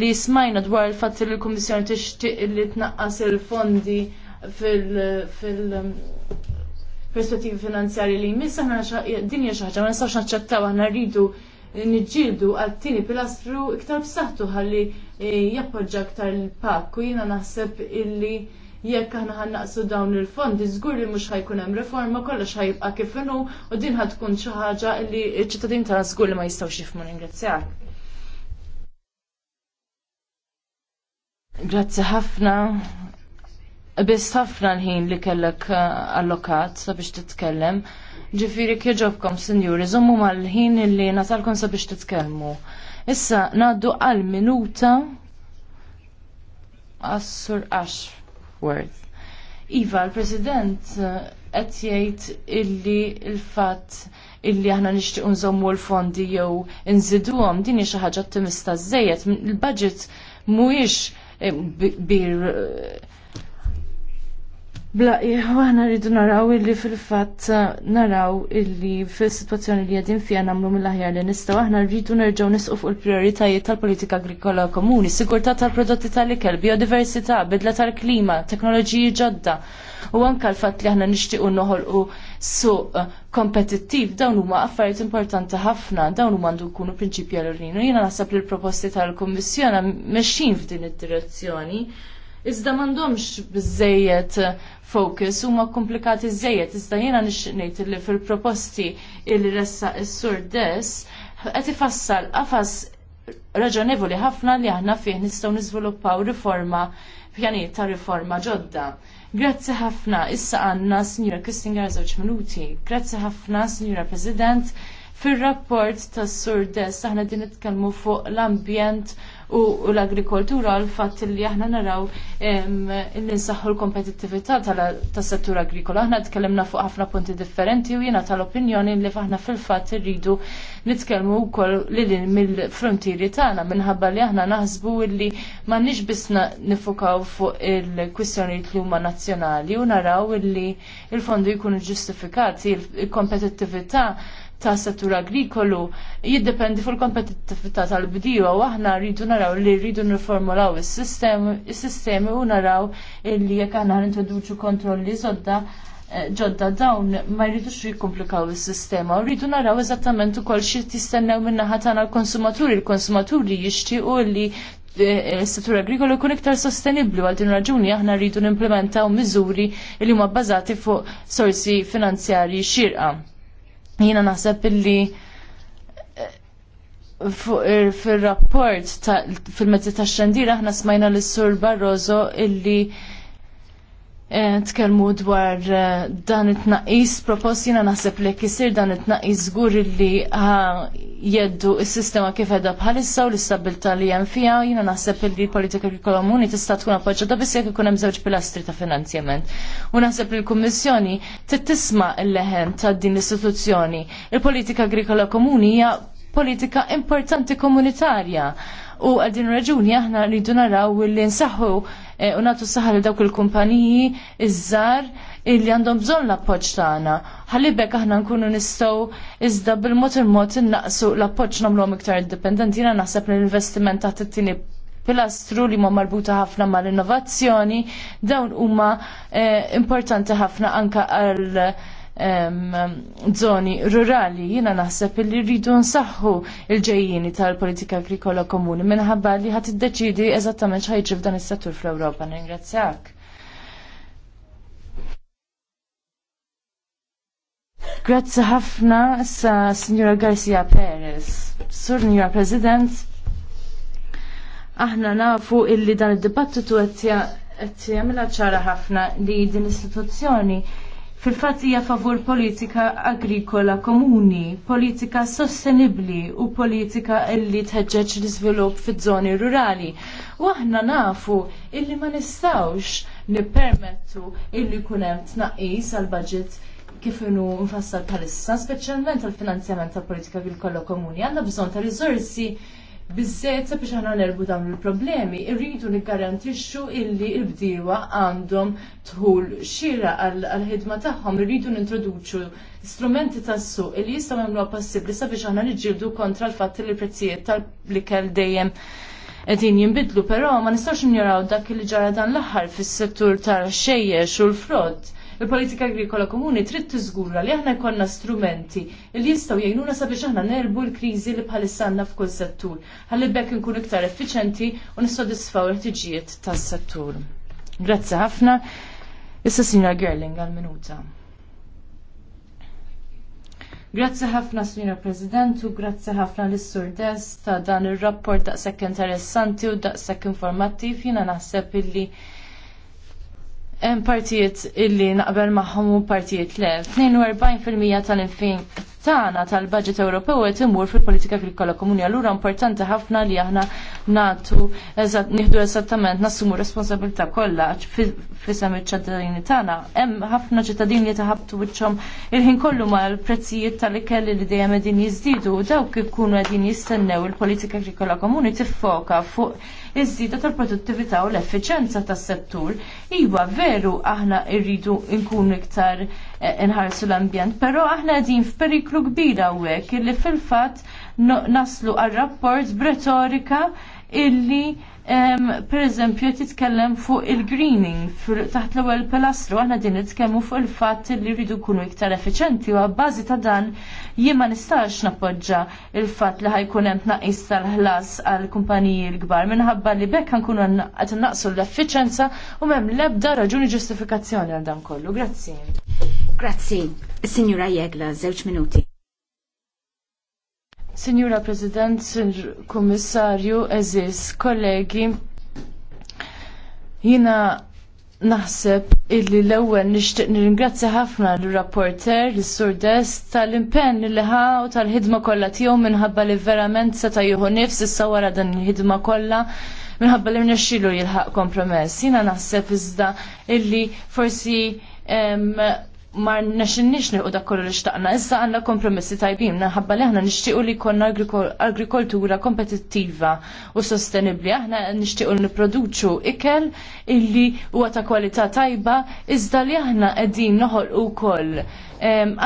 li smajna dwar il-fatt li l-Kummissjoni tixtieq li tnaqqas il-fondi fil perspettivi finanzjarji li jmiss aħna dinja xi ħaġa ma nistgħux naċċettaw aħna rridu nġildu għattini pilastru iktar b'saħħtu ħalli eh, jappoġġa iktar il-pakku jina jiena naħseb illi jekk aħna ħannaqsu dawn il-fondi żgur li mhux ħajkun hemm riforma kollox ħajibqa' kif inhu u din tkun xi ħaġa li ċ-ċittadin tara żgur li ma jistgħux jifhmu ningrazzjak. Grazzi ħafna. Biss ħafna l-ħin li kellek uh, allokat sabiex titkellem. Ġifiri kieġobkom, sinjuri, zommu mal-ħin li natalkom sabiex titkellmu. Issa, naddu għal-minuta għas-sur Worth. Iva, l-President uh, qed jgħid illi l-fatt illi aħna nixtieq nżommu l-fondi jew nżiduhom din hi xi ħaġa ottimista żejjed. Il-budget mhuwiex eh, bir Bla, għana rridu naraw illi fil-fat eh, naraw illi fil-situazzjoni li għedin fija namlu mill-aħjar li nistaw, aħna rridu nerġaw nisqu fuq il-prioritajiet tal-politika agrikola komuni, sigurtà tal-prodotti tal-ikel, biodiversità, bidla tal-klima, teknoloġiji ġodda u anka l-fat li aħna nixtiequ noħolqu suq eh, kompetittiv dawn huma affarijiet importanti ħafna, dawn huma għandu jkunu prinċipja għal-rin. Jiena naħseb li l-proposti tal-Kummissjoni mexxin f'din id-direzzjoni iżda m'għandhomx biżejjed focus huma komplikati żejjed iżda jiena nixtieq ngħid li fil-proposti li ressa s-sur dess qed ifassal qafas raġonevoli ħafna li aħna fih nistgħu niżviluppaw riforma pjanijiet ta' riforma ġodda. Grazzi ħafna, issa għandna signora Kristin żewġ minuti. Grazzi ħafna, signora President. Fil-rapport tas sur Dess aħna din nitkellmu fuq l-ambjent u l-agrikoltura għal fatt li aħna naraw l-insaħħu l-kompetittività tas-settur agrikola. Aħna tkellimna fuq ħafna punti differenti u jiena tal-opinjoni li faħna fil-fatt irridu nitkellmu wkoll li mill-frontieri tagħna minħabba li aħna naħsbu li m'għandniex biss nifukaw fuq il-kwistjonijiet li luma nazzjonali u naraw li il-fondi jkunu ġustifikati, il-kompetittività il il kompetittività ta' settur agrikolu jiddependi fuq il-kompetittività tal-bdiewa u aħna rridu naraw li rridu nirformulaw is-sistemi u naraw li jekk aħna nintroduċu kontrolli żodda eh, ġodda dawn ma jridux jikkomplikaw is-sistema u rridu naraw eżattament ukoll xi tistennew min-naħa tagħna l-konsumaturi. l konsumaturi jixtiequ li s-settur eh, eh, agrikolu jkun iktar sostenibli għal din raġuni aħna rridu nimplementaw miżuri li huma bbażati fuq sorsi finanzjarji xirqa. Jiena naħseb illi eh, fil-rapport fil-mezzi ta' xandira aħna smajna l-sur Barroso illi Eh, tkellmu dwar eh, dan it-tnaqqis propost jiena naħseb li kisir dan it-tnaqqis żgur li ah, jeddu s-sistema kif edha bħalissa u l-istabilta li hemm fiha jiena naħseb li l-politika komuni tista' tkun appoġġjata biss jekk ikun hemm żewġ pilastri ta' finanzjament. U naħseb li l-Kummissjoni tittisma' l-leħen ta' din l-istituzzjoni. Il-politika agrikola komuni hija politika importanti komunitarja u għadin raġuni aħna rridu naraw li nsaħħu eh, u natu saħal dawk il-kumpaniji iż-żar illi għandhom bżonn l-appoġġ tagħna. Ħalli bekk aħna nkunu nistgħu iżda bil-mod il-mod innaqsu l-appoġġ nagħmluhom iktar indipendenti. Jiena naħseb li l-investiment taħt it-tieni pilastru li huma marbuta ħafna mal-innovazzjoni dawn huma eh, importanti ħafna anke għal zoni rurali, jina naħseb li rridu nsaħħu il-ġejjini tal-politika agrikola komuni minħabba li ħat iddeċidi eżattament xħajġi f'dan is-settur fl-Ewropa. Ningrazzjak. Grazzi ħafna sa Signora Garcia Perez. Sur Signora President, aħna nafu illi dan id-dibattitu qed jagħmilha ċara ħafna li din l-istituzzjoni fil-fatt hija favur politika agrikola komuni, politika sostenibbli u politika illi tħeġġeġ l-iżvilupp fiż-żoni rurali. U aħna nafu illi ma nistgħux nippermettu illi jkun hemm tnaqqis għall budget kif inu nfassal bħalissa, speċjalment għall finanzjament tal-politika agrikola komuni, għandna bżonn ta' riżorsi bizzejt sabiex aħna nerbu dawn il-problemi, irridu niggarantixxu illi l-bdiewa għandhom tħul xira għal-ħidma tagħhom, irridu nintroduċu strumenti tas-suq illi jistgħu jagħmluha possibbli sabiex aħna niġġieldu kontra l-fatt li prezzijiet tal-ikel dejjem qegħdin jimbidlu, pero ma nistax njuraw dak li ġara dan l-aħħar fis-settur tal-xejjex u l-frott il-politika agrikola komuni trid tiżgura li aħna jkollna strumenti li jistgħu jgħinuna sabiex aħna nerbu l-kriżi li bħal għandna f'kull settur. Ħalli bekk inkun iktar effiċenti u nissodisfaw il-ħtiġijiet tas-settur. Grazzi ħafna. Issa Sinjora Gerling għal-minuta. Grazzi ħafna, Sinjora President, u grazzi ħafna l surdes ta' dan ir rapport daqshekk interessanti u daqshekk informattiv. Jiena naħseb illi hemm partijiet illi naqbel magħhom u partijiet le. 42% tal-infin tagħna tal-budget Ewropew qed imur fil-politika agrikola komuni. Allura importanti ħafna li aħna nagħtu nieħdu eżattament nassumu responsabilità kollha fisem iċ-ċittadini tagħna. Hemm ħafna ċittadini li taħabtu wiċċhom il-ħin kollu mal-prezzijiet tal-ikel li dejjem qegħdin jiżdiedu dawk ikunu qegħdin jistennew il-politika agrikola komuni tiffoka fuq iż-żieda tal-produttività u l-effiċenza tas-settur. Iwa veru aħna rridu nkunu iktar eh, inħarsu l-ambjent, però aħna qegħdin f'periklu kbira hawnhekk illi fil-fatt naslu għar rapport bretorika illi per eżempju titkellem fuq il-greening taħt l-ewwel pilastru aħna din nitkellmu fuq il-fatt li rridu jkunu iktar effiċenti u għabbażi ta' dan jien ma nistax nappoġġa il-fatt li ħajkun hemm tnaqqis tal-ħlas għal kumpaniji l-kbar minħabba li bekk nkunu qed naqsu l-effiċenza u mem l-ebda raġuni ġustifikazzjoni għal dan kollu. Grazzi. Grazzi. Signora Jegla, żewġ minuti. Signora President, Sir Kommissarju, Eżis, kollegi, jina naħseb illi l-ewwel nixtieq nirringrazzja ħafna l-rapporter l dest, tal-impenn li ħa u tal-ħidma kollha tiegħu minħabba li verament seta' jieħu nifs issa wara dan il-ħidma kollha minħabba li rnexxielu jilħaq kompromess. Jiena naħseb iżda illi forsi ma naxinniex nilqu dak kollu li xtaqna, issa għandna kompromissi tajbin, naħabba li aħna nixtiequ li jkollna agrikoltura kompetittiva u sostenibbli, aħna nixtiequ li nipproduċu ikel illi huwa ta' kwalità tajba, iżda li aħna qegħdin noħolqu wkoll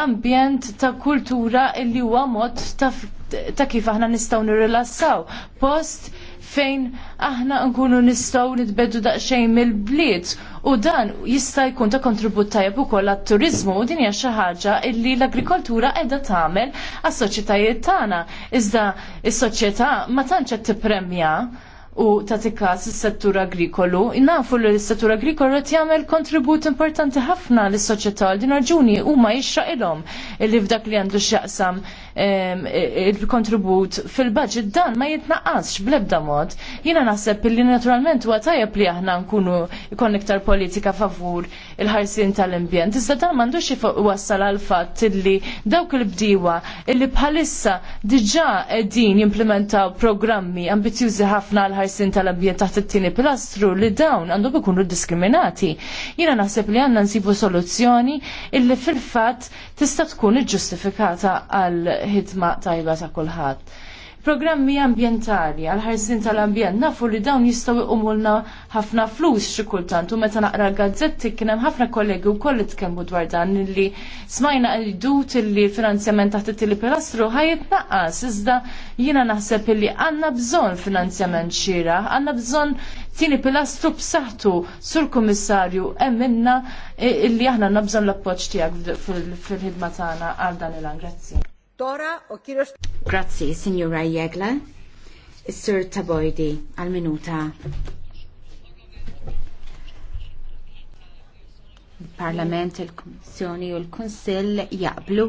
ambjent ta' kultura illi huwa mod ta' kif aħna nistgħu nirrilassaw. Post fejn aħna nkunu nistgħu nitbeddu daqsxejn mill-bliet u dan jista' jkun ta' kontribut tajjeb ukoll għat-turiżmu u din hija xi ħaġa illi l-agrikoltura qiegħda tagħmel għas-soċjetajiet tagħna. Iżda s soċjetà ma tantx qed tippremja u ta' tikas il-settur agrikolu. Nafu li l-settur agrikolu qed jagħmel kontribut importanti ħafna lis soċjetà din raġuni huma jixraq li f'dak li għandu x'jaqsam il-kontribut fil-budget dan ma jitnaqqasx bl-ebda mod. Jiena naħseb li naturalment huwa tajjeb li aħna nkunu konnektar politika favur il-ħarsin tal-ambjent. Iżda dan m'għandux wassal għal fatt illi dawk il bdiwa li bħalissa diġà qegħdin jimplementaw programmi ambizjużi ħafna għal ħarsin tal-ambjent taħt it-tieni pilastru li dawn għandhom ikunu diskriminati. Jiena naħseb li għandna nsibu soluzzjoni illi fil-fatt tista' tkun iġġustifikata għal ħidma tajba ta' kulħadd. Programmi ambientali għal ħarsin tal-ambjent nafu li dawn jistgħu jqumulna ħafna flus xi kultant u meta naqra gazzetti kien hemm ħafna kollegi wkoll li tkellmu dwar dan li smajna qdut li l-finanzjament taħt it-tieni pilastru ħajitnaqqas iżda jiena naħseb illi għandna bżonn finanzjament xira, għandna bżonn tieni pilastru b'saħħtu sur kummissarju hemm minna illi aħna nabżon l-appoġġ tiegħek fil-ħidma tagħna għal dan il-angrazzi. Tora o Grazzi, signora Jegla. Sir sur Tabojdi, minuta il-Parlament, il-Komissjoni u l-Konsil jaqblu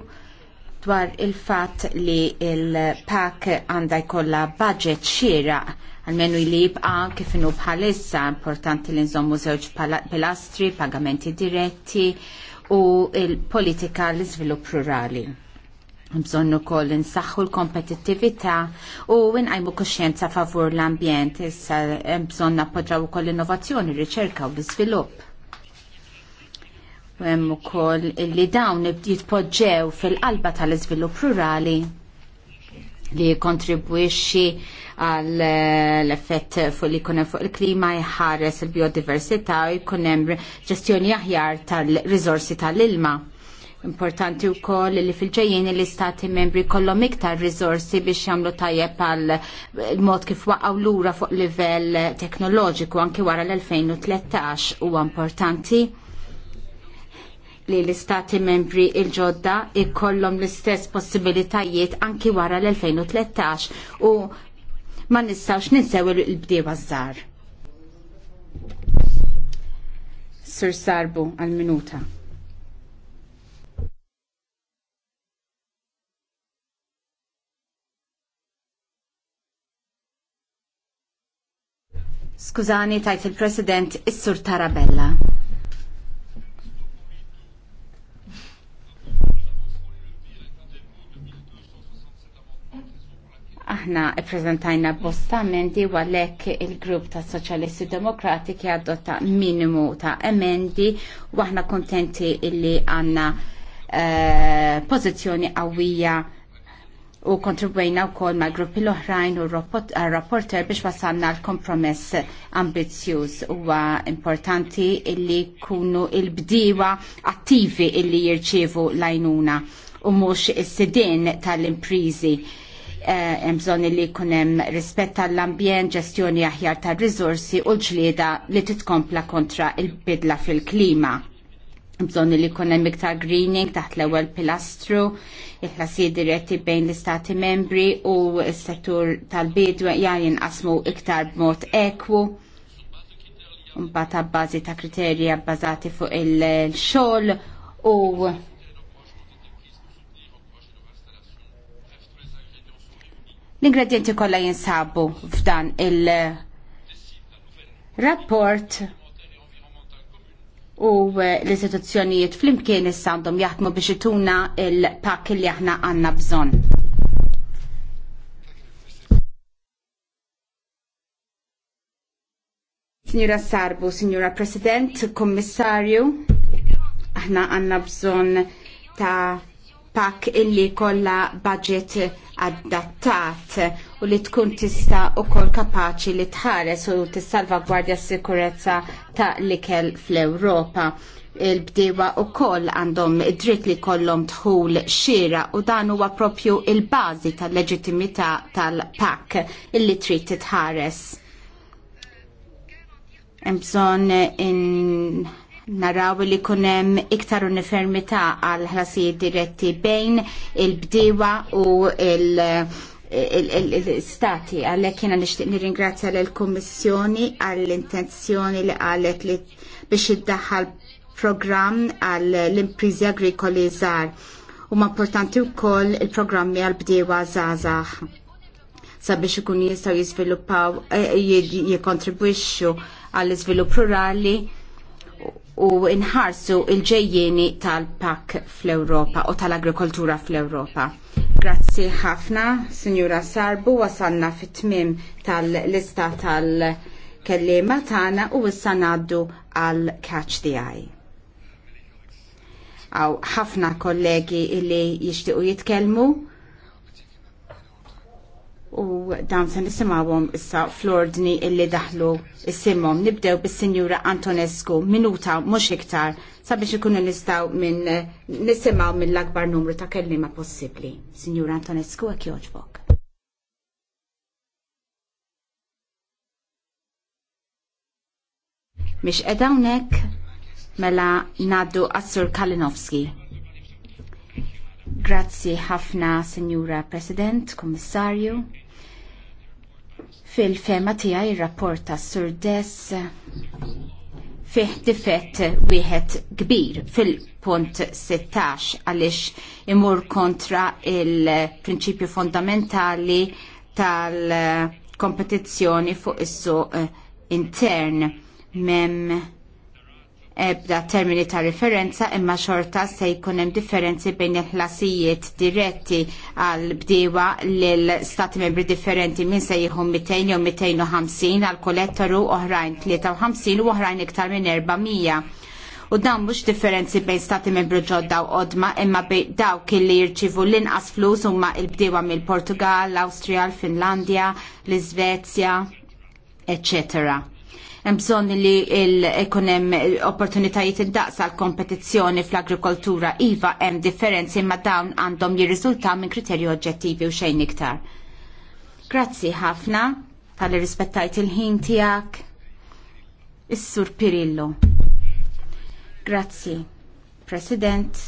dwar il-fat li il-PAK għanda jkolla budget xira għalmenu li jibqa kifinu bħalissa importanti li nżommu żewġ pilastri, pagamenti diretti u il-politika l-izvilupp rurali bżonnu koll insaxħu l-kompetittività u n-għajmu kuxjenza favur l-ambjent, issa eh, bżonn appoġġaw ukoll l-innovazzjoni, r-riċerka u l-iżvilupp. Hemm ukoll li dawn jitpoġġew fil-qalba tal-iżvilupp rurali li kontribuixi għal eh, l-effett fuq li jkun hemm fuq il-klima jħares il-biodiversità u jkun hemm ġestjoni aħjar tal-riżorsi tal-ilma. tal rizorsi tal ilma tal tal ilma Importanti wkoll li fil-ġejjien l-istati membri kollhom iktar riżorsi biex jagħmlu tajjeb għal eh, mod kif waqgħu lura fuq livell teknoloġiku anki wara l-2013 huwa importanti li l-istati membri il-ġodda ikollhom l-istess possibilitajiet anki wara l-2013 u ma nistax ninsew il-bdiewa żgħar. Sir Sarbu għal-minuta. Skużani tajt il-President Is-Sur Tarabella. Aħna prezentajna bosta emendi għalek il-grupp ta' Soċjalisti Demokratiki adotta minimu ta' emendi u aħna kontenti illi għanna uh, eh, pozizjoni għawija u kontribwejna u kol ma' gruppi l-oħrajn u rapporter biex wasalna l-kompromess ambizjuż huwa importanti illi kunu il-bdiwa attivi illi jirċievu lajnuna u mux is-sidin tal-imprizi. Eh, hemm bżonn li jkun hemm rispett ambjent ġestjoni aħjar tar rizorsi u l-ġlieda li titkompla kontra il-bidla fil-klima bżon li kunem iktar greening taħt l ewwel pilastru, il-ħlasijiet diretti bejn l-istati membri u s-settur tal-bidwa jgħajin qasmu iktar b'mod ekwu. Mbata bazi ta' kriterja bazati fuq il-xol u l-ingredienti kollha jinsabu f'dan il-rapport u eh, l-istituzzjonijiet flimkien issa għandhom jaħdmu biex ituna il-pak li aħna għandna bżonn. Signora Sarbu, Signora President, Kommissarju, aħna għandna bżonn ta' pak illi kolla budget adattat u li tkun tista kol kapaċi li tħares u tissalvagwardja s-sikurezza ta' l-ikel fl-Ewropa. Il-bdewa wkoll għandhom id-dritt li kollom tħul xira u dan huwa propju il-bażi tal-leġittimità tal-pak illi trid titħares. Hemm bżonn in naraw li kunem iktar uniformità għal ħlasijiet diretti bejn il-bdewa u il- il-stati għalek kiena nishtiq nirringrazzja l-Kommissjoni għall-intenzjoni li għalet li biex id-daħal program għall l-imprizi agrikoli żgħar. U ma importanti wkoll il-programmi għal bdewa żgħażagħ sabiex ikun jistgħu jiżviluppaw e, e, jikkontribwixxu għall iżvilupp rurali u nħarsu il-ġejjieni tal-pak fl-Ewropa u tal-agrikoltura fl-Ewropa. Grazzi ħafna, Sinjura Sarbu, wasanna fit-tmim tal-lista tal-kellima tagħna u issa ngħaddu għal Catch the Eye. Għaw ħafna kollegi illi jishtiqu jitkellmu, u dan se nisimawom issa flordni illi daħlu isimhom. Nibdew bis-Sinjura Antonescu minuta mhux iktar sabiex ikunu nistgħu minn nisimgħu mill-akbar numru ta' kelliema possibbli. Sinjura Antonescu hekk jogħġbok. Mhix edawnek hawnhekk mela ngħaddu Assur Kalinowski. Grazzi ħafna, Signora President, Kommissarju. Fil-fema tiegħi rapporta rapport Sur des fih difett wieħed kbir fil-punt 16 għaliex imur kontra il-prinċipju fondamentali tal-kompetizzjoni fuq is-suq intern mem ebda termini ta' referenza imma xorta se jkun hemm differenzi bejn il-ħlasijiet diretti għal bdiewa lil stati membri differenti minn se jieħu 200 jew 250 għal kolettoru oħrajn 53 u oħrajn iktar minn 400 u dawn mhux differenzi bejn stati membru ġodda u qodma imma bejn dawk li jirċivu l-inqas flus huma l-bdiewa mill-Portugal, l-Awstrija, l-Finlandja, l-Iżvezja, etc. Hemm bżonn li l hemm opportunitajiet id-daqsa l kompetizzjoni fl-agrikoltura iva hemm differenzi imma dawn għandhom rizulta minn kriterju oġġettivi u xejn iktar. Grazzi ħafna tal-li rispettajt il-ħin tiegħek. Is-Sur Pirillo. Grazzi, President.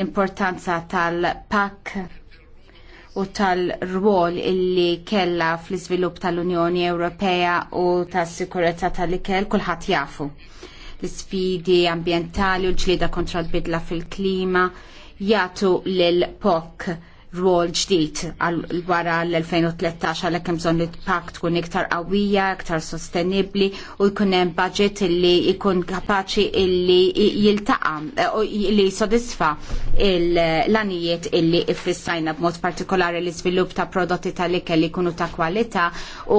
L-importanza tal-PAK u tal-rwol illi kella fl-iżvilupp tal-Unjoni Ewropea u tas-sikurezza tal-ikel kulħadd jafu. L-isfidi ambjentali u l-ġlieda kontra l-bidla fil-klima jagħtu lil pok Rol ġdid wara l-2013 għalhekk hemm bżonn t pak tkun iktar qawwija, iktar sostenibbli u jkun hemm budget li jkun kapaċi illi jiltaqa' eh, li jisodisfa l-anijiet illi iffissajna b'mod partikolari l-iżvilupp ta' prodotti tal-ikel li jkunu ta' kwalità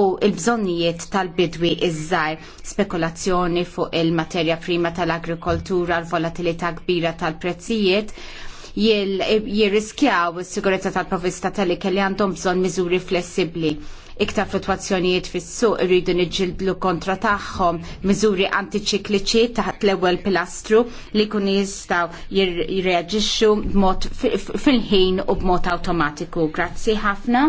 u l-bżonnijiet tal-bidwi iż spekulazzjoni fuq il-materja prima tal-agrikoltura, l-volatilità kbira tal-prezzijiet jirriskjaw is-sigurezza tal-provista tal-ikel li għandhom bżonn miżuri flessibbli iktar fluttwazzjonijiet fis-suq irridu niġġildlu kontra tagħhom miżuri antiċikliċi taħt l-ewwel pilastru li jkunu jistgħu jirreaġixxu b'mod fil-ħin u b'mod awtomatiku. Grazzi ħafna.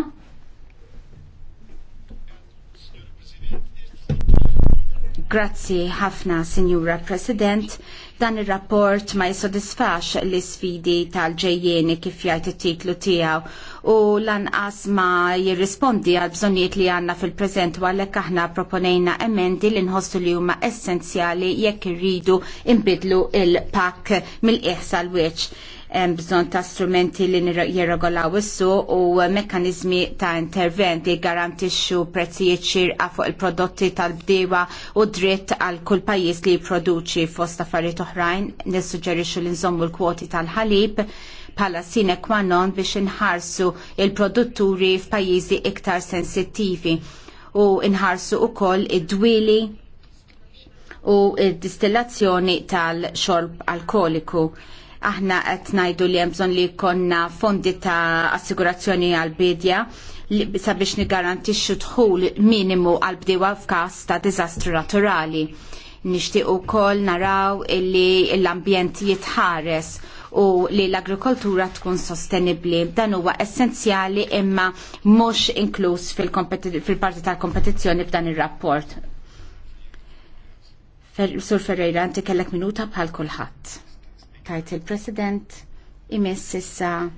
Grazzi ħafna, Signora President. Dan ir-rapport ma jissodisfax l isfidi tal-ġejjeni kif jgħid it-titlu tiegħu u lanqas ma jirrispondi għal bżonnijiet li għandna fil-preżent u għalek aħna proponejna emendi li nħossu li huma essenzjali jekk irridu imbidlu il-pak mill-qiegħsa l-wieċ bżon ta' strumenti li jirregolaw issu u mekkanizmi ta' intervent li garantixxu prezzijiet xirqa fuq il-prodotti tal-bdewa u dritt għal kull pajjiż li jipproduċi fost affarijiet oħrajn nissuġġerixxu li nżommu l-kwoti tal-ħalib bħala sine qua non biex inħarsu il-produtturi f'pajjiżi iktar sensittivi u inħarsu ukoll id-dwili u id-distillazzjoni tal-xorb alkoliku. Aħna qed ngħidu li hemm bżonn li jkollna fondi ta' assigurazzjoni għall-bidja sabiex nigarantixxu dħul minimu għal-bdiewa f'każ ta' diżastru naturali. Nixtieq ukoll naraw illi l-ambjent jitħares u li l-agrikoltura tkun sostenibli. Dan huwa essenzjali imma mhux inkluż fil-parti fil parti tal kompetizzjoni f'dan ir-rapport. Sur Ferreira, inti kellek minuta bħal kulħadd tajt il-President imiss issa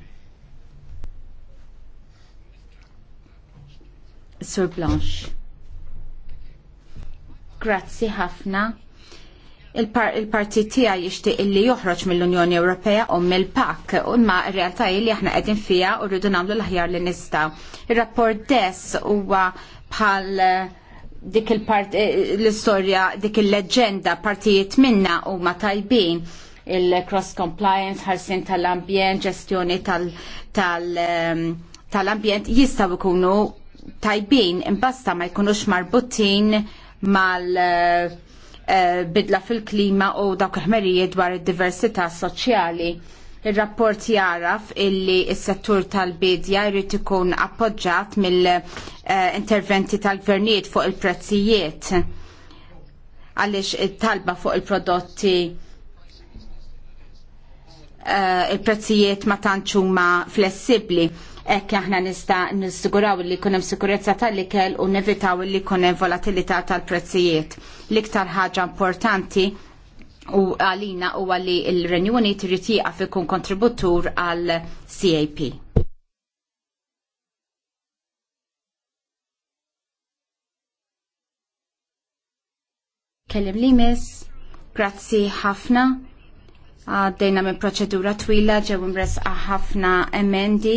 Sur Blanche. Grazzi ħafna. Il-partit il tija jishtiq illi joħroġ mill-Unjoni Ewropea u mill-PAK, imma r-realtà illi aħna qegħdin fija u rridu nagħmlu l-aħjar li nista. Ir-rapport dess huwa bħal eh, dik il-part eh, l-istorja, dik il-leġenda, partijiet minna u ma tajbin il-cross compliance, ħarsin tal-ambjent, ġestjoni ehm, tal-ambjent tal, jistaw ikunu tajbin imbasta ma jkunux marbutin mal- eh, eh, bidla fil-klima u dawk il-ħmerijiet dwar id-diversità soċjali. Il-rapport jaraf illi s-settur tal-bidja jrid ikun appoġġat mill-interventi eh, tal-gvernijiet fuq il-prezzijiet għaliex it-talba fuq il-prodotti Eh, il-prezzijiet ma tantx huma flessibbli. Ekk aħna nista nissiguraw li jkun hemm sikurezza tal-ikel u nevitaw li jkun hemm volatilità tal-prezzijiet. L-iktar ħaġa importanti u għalina u għalli il-Renju Unit irid jieqaf ikun kontributur għal CAP. Kellim li miss, grazzi ħafna Għaddejna minn proċedura twila ġew imresqa ħafna emendi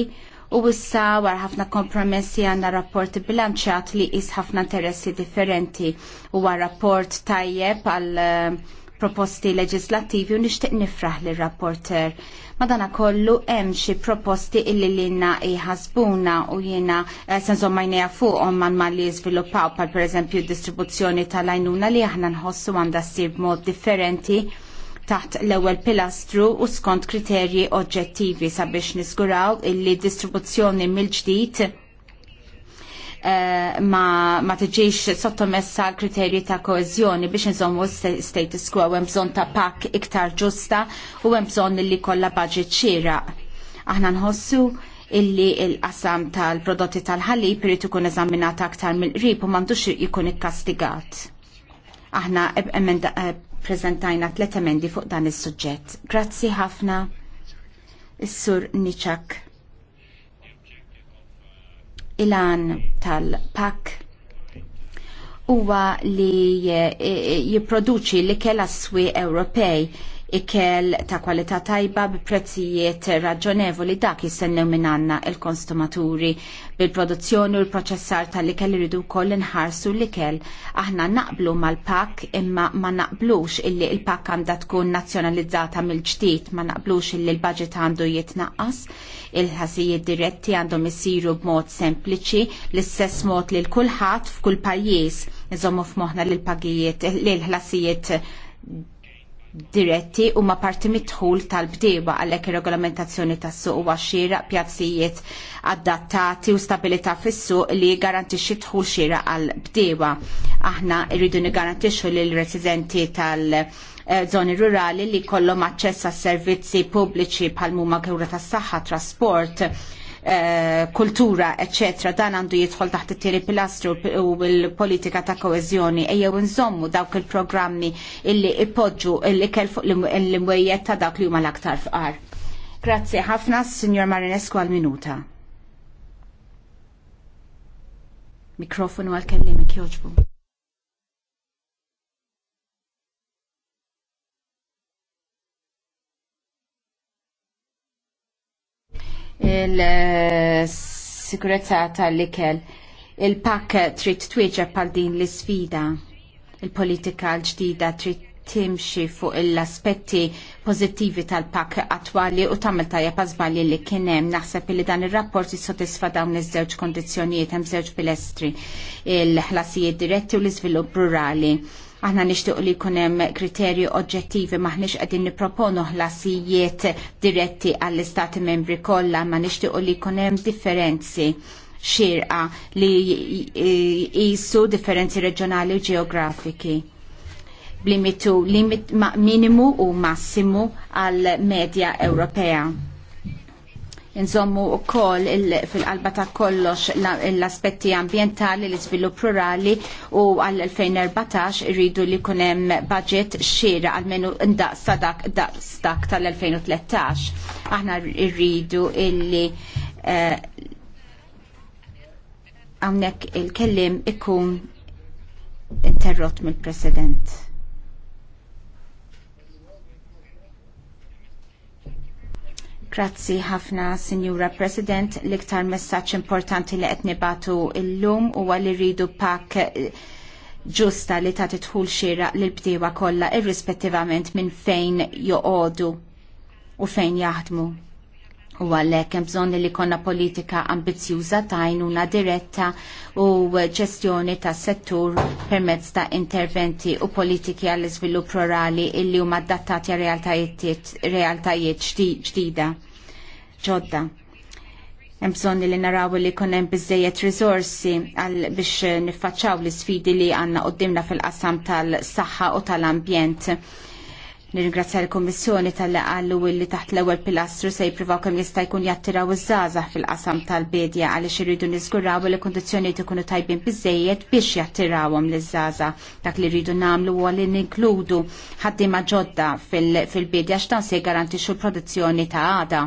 u issa war ħafna kompromessi għanna rapport bilanċjat li qis ħafna interessi differenti u għar rapport tajjeb għal eh, proposti leġislattivi u nixtieq nifraħ lir rapporter Madana kollu hemm xi proposti illi lilna jħasbuna u jiena eh, senżom majnija fuqhom man ma li jiżviluppaw pal pereżempju d distribuzzjoni tal-għajnuna li aħna nħossu għandha ssir b'mod differenti taħt l-ewwel pilastru u skont kriterji oġġettivi sabiex niżguraw illi distribuzzjoni mill-ġdid eh, ma, ma tiġix sottomessa kriterji ta' koezjoni biex nżommu status quo hemm bżonn ta' pak iktar ġusta u hemm bżonn li kollha budget xieraq. Aħna nħossu illi il-qasam tal-prodotti tal-ħalib irid ikun eżaminat aktar mill-qrib u m'għandux ikun ikkastigat. Aħna prezentajna tlet emendi fuq dan is-suġġett. Grazzi ħafna is-sur Niċak. Ilan tal-pak huwa li eh, eh, jipproduċi li kella swi Ewropej ikel ta' kwalità tajba bi prezzijiet raġonevoli dak jistennew minn għandna il-konsumaturi bil-produzzjoni u l-proċessar tal-ikel iridu wkoll inħarsu l-ikel. Aħna naqblu mal-pak imma ma naqblux illi il-pak għandha tkun nazzjonalizzata mill-ġdid, ma naqblux illi l-budget għandu jitnaqqas, il-ħasijiet diretti għandhom isiru b'mod sempliċi, l-istess mod li l-kulħadd f'kull pajjiż iżommu f'moħħna l-pagijiet, l-ħlasijiet diretti u ma parti mitħul tal-bdeba għalek regolamentazzjoni tas suq u għaxira pjazzijiet adattati u stabilita fissu li garantixi tħul xira għal-bdeba. Aħna irridu nigarantixu li l-residenti tal-zoni rurali li kollom aċċess għas servizzi pubbliċi bħal muma kura tas saħħa trasport Eh, kultura, etc. Dan għandu jidħol taħt it-tieni pilastru u l-politika ta' koeżjoni ejjew nżommu dawk il-programmi illi ipoġġu l-ikel fuq l-imwejjed ta' dawk li huma l-aktar fqar. Grazzi ħafna, Signor Marinescu għal-minuta. Mikrofonu għal-kellimek joġbu. il-sikurezza tal-ikel. Il-pak trid twieġeb għal din l-sfida. Il-politika l-ġdida trid timxi fuq l-aspetti pozittivi tal-pak attwali u tamil tajja pazbali li kienem naħseb li dan il-rapport jissotisfa dawn iż-żewġ kondizjonijiet hemm żewġ pilestri il-ħlasijiet diretti u l-iżvilupp rurali Aħna nixtieq li jkun hemm kriterju oġġettivi maħniex qegħdin nipproponu ħlasijiet diretti għall-istati membri kollha ma nixtiequ li jkun hemm differenzi xirqa li jisu differenzi reġjonali u ġeografiki blimitu limit minimu u massimu għal medja Ewropea nżommu u koll fil-qalba ta' kollox l-aspetti ambientali, l svillu rurali u għal-2014 irridu li kunem budget xira għal-menu ndaqsta dak daqstak tal-2013. Aħna rridu illi għamnek eh, il-kellim ikun interrott mill-president. Grazzi ħafna, Signora President, l-iktar messaċ importanti li qed nibatu l-lum huwa li rridu pak eh, ġusta li ta' titħul xira l-bdiewa kollha irrispettivament minn fejn joqogħdu u fejn jaħdmu. U għalhekk hemm bżonn li jkollna politika ambizjuża ta' għajnuna diretta u ġestjoni tas settur permezz ta' interventi u politiki għall iżvilupp rurali illi huma adattati għal realtajiet ġdida. Ġodda. Hemm bżonn li naraw li jkun hemm biżejjed riżorsi biex niffaċċaw l isfidi li għandna qudiemna fil-qasam tal-saħħa u tal-ambjent Nirringrazzja l-Kommissjoni tal għallu illi taħt l-ewwel pilastru se jippruvaw kemm jista' jkun jattiraw iż-żgħażagħ fil-qasam tal-bedja għaliex iridu niżguraw li kundizzjonijiet ikunu tajbin biżejjed biex jattirawhom liż-żgħażagħ. Dak li rridu nagħmlu huwa li ninkludu ħaddiema ġodda fil-bedja x'dan se jgarantixxu l-produzzjoni ta' għada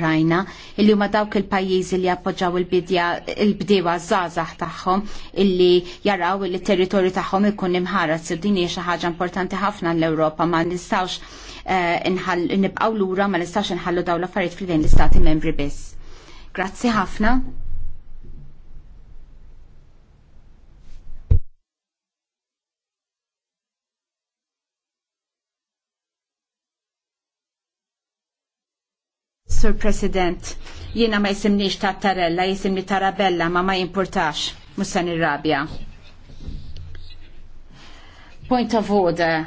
rajna illi huma dawk il-pajjiżi li appoġġaw il-bidja il-bdewa żgħażagħ tagħhom illi jaraw li territorju tagħhom ikun imħarra u din hija xi ħaġa importanti ħafna l-Ewropa ma nistgħux eh, nibqgħu lura ma nistgħux inħallu dawn l-affarijiet fil l-istati membri biss. Grazzi ħafna. Sur President, jiena ma jisimniex Tattarella, jisimni Tarabella, ma ma jimpurtax, mussan irrabja. Point of order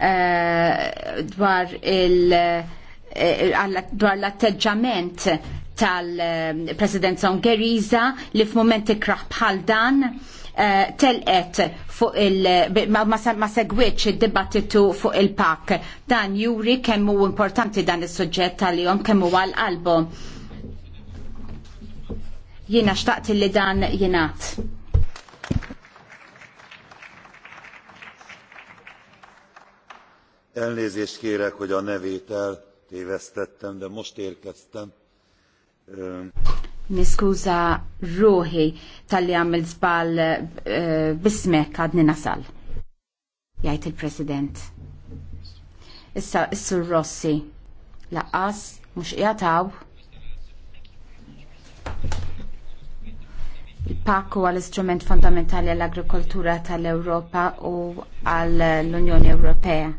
uh, dwar il uh, dwar l-atteġġament tal-presidenza eh, Ungheriża li f'mumenti kraħ bħal dan Eh, telqet fuq il- ma segwitx id-dibattitu fuq il-pak. Dan juri kemm hu importanti dan is-suġġett tal-jom kemm huwa l-qalbu. Jiena xtaqt li dan jingħat. Elnézést kérek, hogy a nevétel tévesztettem, de most érkeztem. Niskuża ruħi tal-li għamil zbal eh, bismek għadni nasal. Jajt il-President. Issa, issur Rossi. Laqqas, mux jgħataw. il pakku għal istrument fondamentali għall-agrikoltura tal-Ewropa u għall-Unjoni Ewropea.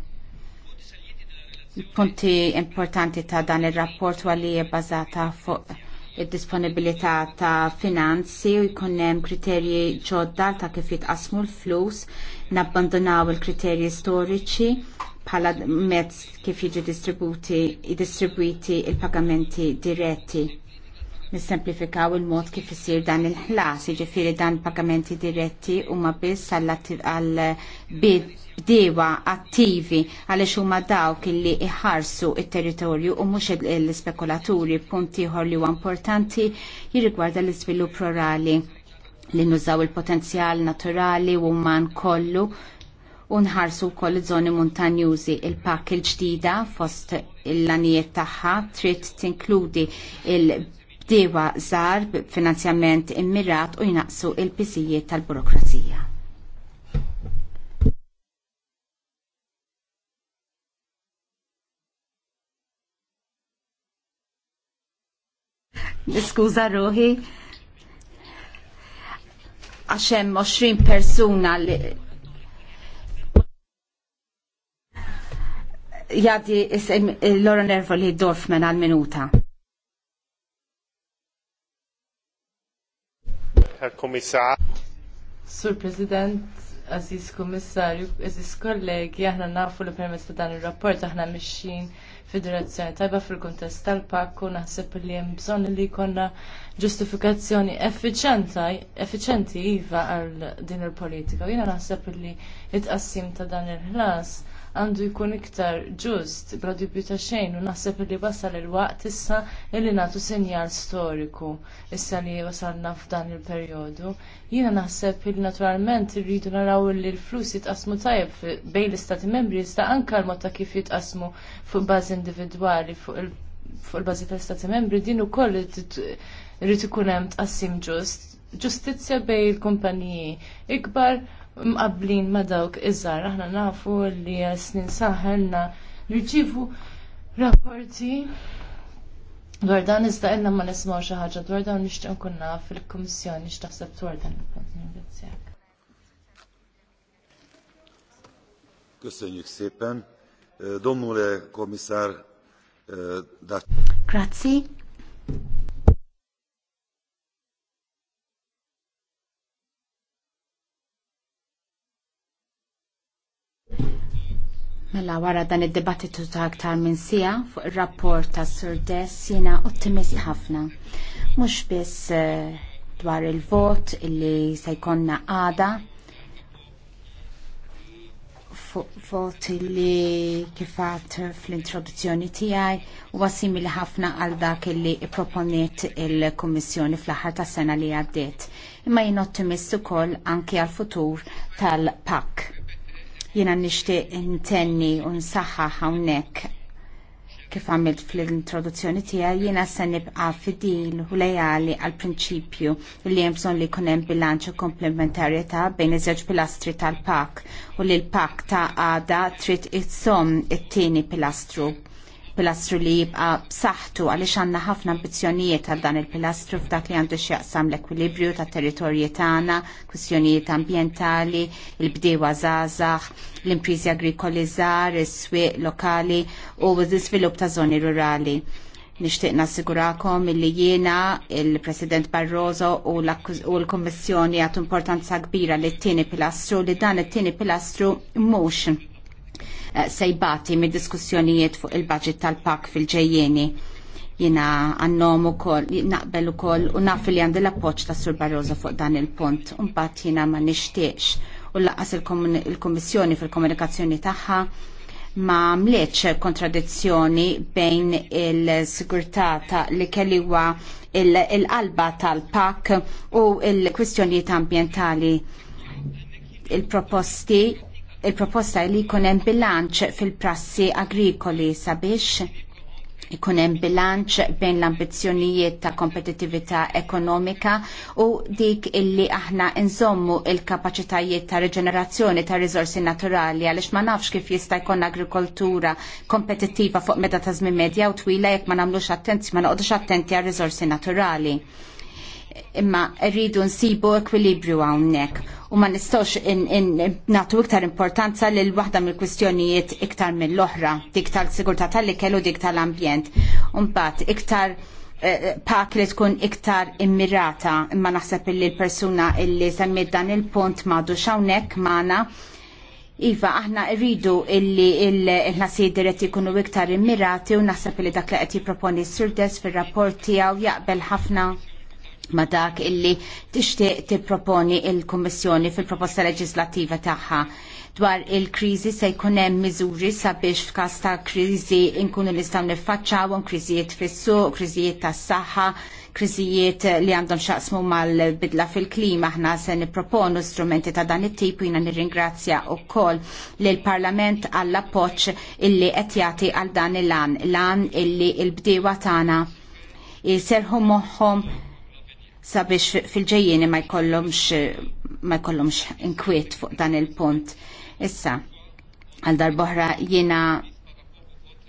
Il-punti importanti ta' dan il-rapport huwa li hija bazata fuq id-disponibilità ta' finanzi u jkun hemm kriterji ġodda ta' kif jitqasmu l-flus, nabbandonaw il-kriterji storiċi bħala mezz kif jiġu distribuiti il-pagamenti diretti nissemplifikaw il-mod kif isir dan il-ħlas, jiġifieri dan pagamenti diretti huma biss għall bdewa attivi għaliex huma dawk li iħarsu il territorju u mhux l-spekulaturi punti ħor li huwa importanti jirrigwarda l-iżvilupp rurali li nużaw il-potenzjal naturali u man kollu unħarsu koll zoni montanjużi il-pak il-ġdida fost il-lanijiet taħħa trid tinkludi il- bdewa żgħar finanzjament immirat u jnaqsu il pisijiet tal-burokrazija. Niskuża ruħi għax hemm 20 persuna li jadi l-ora nervo li dorfmen għal-minuta. Herr Kommissar. Sur President, Aziz Kommissarju, Aziz kollegi, aħna nafu li permezz ta' dan ir-rapport aħna mixin federazzjoni tajba fil-kuntest tal-pakku naħseb li hemm bżonn li jkollna ġustifikazzjoni effiċenti iva għal din il-politika. Jiena naħseb li it-qassim ta' dan il-ħlas għandu jkun iktar ġust, bla dubju xejn, u naħseb li wasal il-waqt issa illi nagħtu sinjal storiku issa li wasalna f'dan il-perjodu. Jiena naħseb li naturalment irridu naraw li l-flus jitqasmu tajjeb bejn l-istati membri iżda anke l-mod ta' kif jitqasmu fuq bażi individwali fuq il-bażi tal-istati membri din ukoll irid ikun hemm tqassim ġust ġustizzja bej il-kumpaniji ikbar mqablin ma dawk iżgħar aħna nafu li snin saħelna nirċivu rapporti dwar dan iżda illa ma nismaw xaħġa dwar dan nixtieq nkun naf fil-kummissjoni x'taħseb dwar dan Köszönjük szépen. Domnule komisár, eh, Grazie. Mela wara dan id debattitu ta' aktar minn sija fuq ir-rapport ta' Sir Dess jiena ottimist ħafna. Mhux biss eh, dwar il-vot illi se jkollna għada vot illi kifat fl-introduzzjoni tiegħi huwa simili ħafna għal dak illi proponiet il-Kummissjoni fl-aħħar tas sena li għaddiet. Imma jien ottimist ukoll anke għal futur tal-PAK Jena nishti intenni un saħħa hawnhekk kif għamilt fl-introduzzjoni tiegħi jiena se nibqa' fidil u lejali għal prinċipju li hemm bżonn li jkun hemm bilanċ komplementarjetà bejn iż-żewġ pilastri tal-pak u li l-pak ta' għada trid it-som it-tieni pilastru pilastru li jibqa b'saħħtu għaliex għandna ħafna ambizzjonijiet għal dan il-pilastru f'dak li għandu x'jaqsam l-ekwilibrju tat territorji tagħna, kwistjonijiet ambjentali, il-bdewa żgħażagħ, l-impriżi agrikoli żgħar, is-swieq lokali u l-iżvilupp ta' żoni rurali. Nixtieq nassigurakom milli jiena il-President Barroso u l-Kommissjoni għat importanza kbira li t-tieni pilastru li dan it-tieni pilastru mhux Eh, sejbati mid-diskussjonijiet fuq il-budget tal-pak fil-ġejjeni jina għannom u kol, naqbel u kol, u naf li għandil appoċ ta' Sur Barroso fuq dan il-punt, un bat jina ma nishtiex u laqas il-Kommissjoni fil-komunikazzjoni tagħha ma mleċ kontradizzjoni bejn il-sigurtà ta' li kelliwa il-qalba il qalba tal pak u il-kwistjonijiet ambientali il-proposti il-proposta li jkun hemm bilanċ fil-prassi agrikoli sabiex ikun hemm bilanċ bejn l-ambizzjonijiet ta' kompetittività ekonomika u dik illi aħna nżommu il-kapaċitajiet ta' reġenerazzjoni ta' rizorsi naturali għaliex ma nafx kif jista' jkun agrikoltura kompetittiva fuq meta ta' żmien medja u twila jekk ma nagħmlux attenti ma noqgħodux attenti għar rizorsi naturali imma rridu nsibu ekwilibru għawnek u ma nistox natu iktar importanza lil waħda mill kwistjonijiet iktar mill-oħra, dik tal-sigurta tal-ikel u dik tal-ambjent. Umbat, iktar eh, eh, pak li tkun iktar immirata, imma naħseb li l-persuna illi semmit dan il-punt madu xawnek maħna Iva, aħna rridu illi il-nasi diretti jkunu iktar immirati u naħseb li dak li qed jipproponi s surdess fir-rapport tiegħu jaqbel ħafna ma dak illi tixtieq tipproponi il-Kummissjoni fil-proposta leġislattiva tagħha dwar il-kriżi se jkun hemm miżuri sabiex f'każ ta' kriżi nkunu nistgħu niffaċċawhom kriżijiet fis-suq, kriżijiet tas-saħħa, kriżijiet li għandhom xaqsmu mal-bidla fil-klima aħna se nipproponu strumenti ta' dan it-tip jiena nirringrazzja wkoll lill parlament għall appoġġ illi qed jagħti għal dan il-lan, lan illi l-bdiewa tagħna serħu moħħom sabiex fil ġejjeni ma jkollhomx ma jkollomx inkwiet fuq dan il-punt. Issa, għal darboħra jiena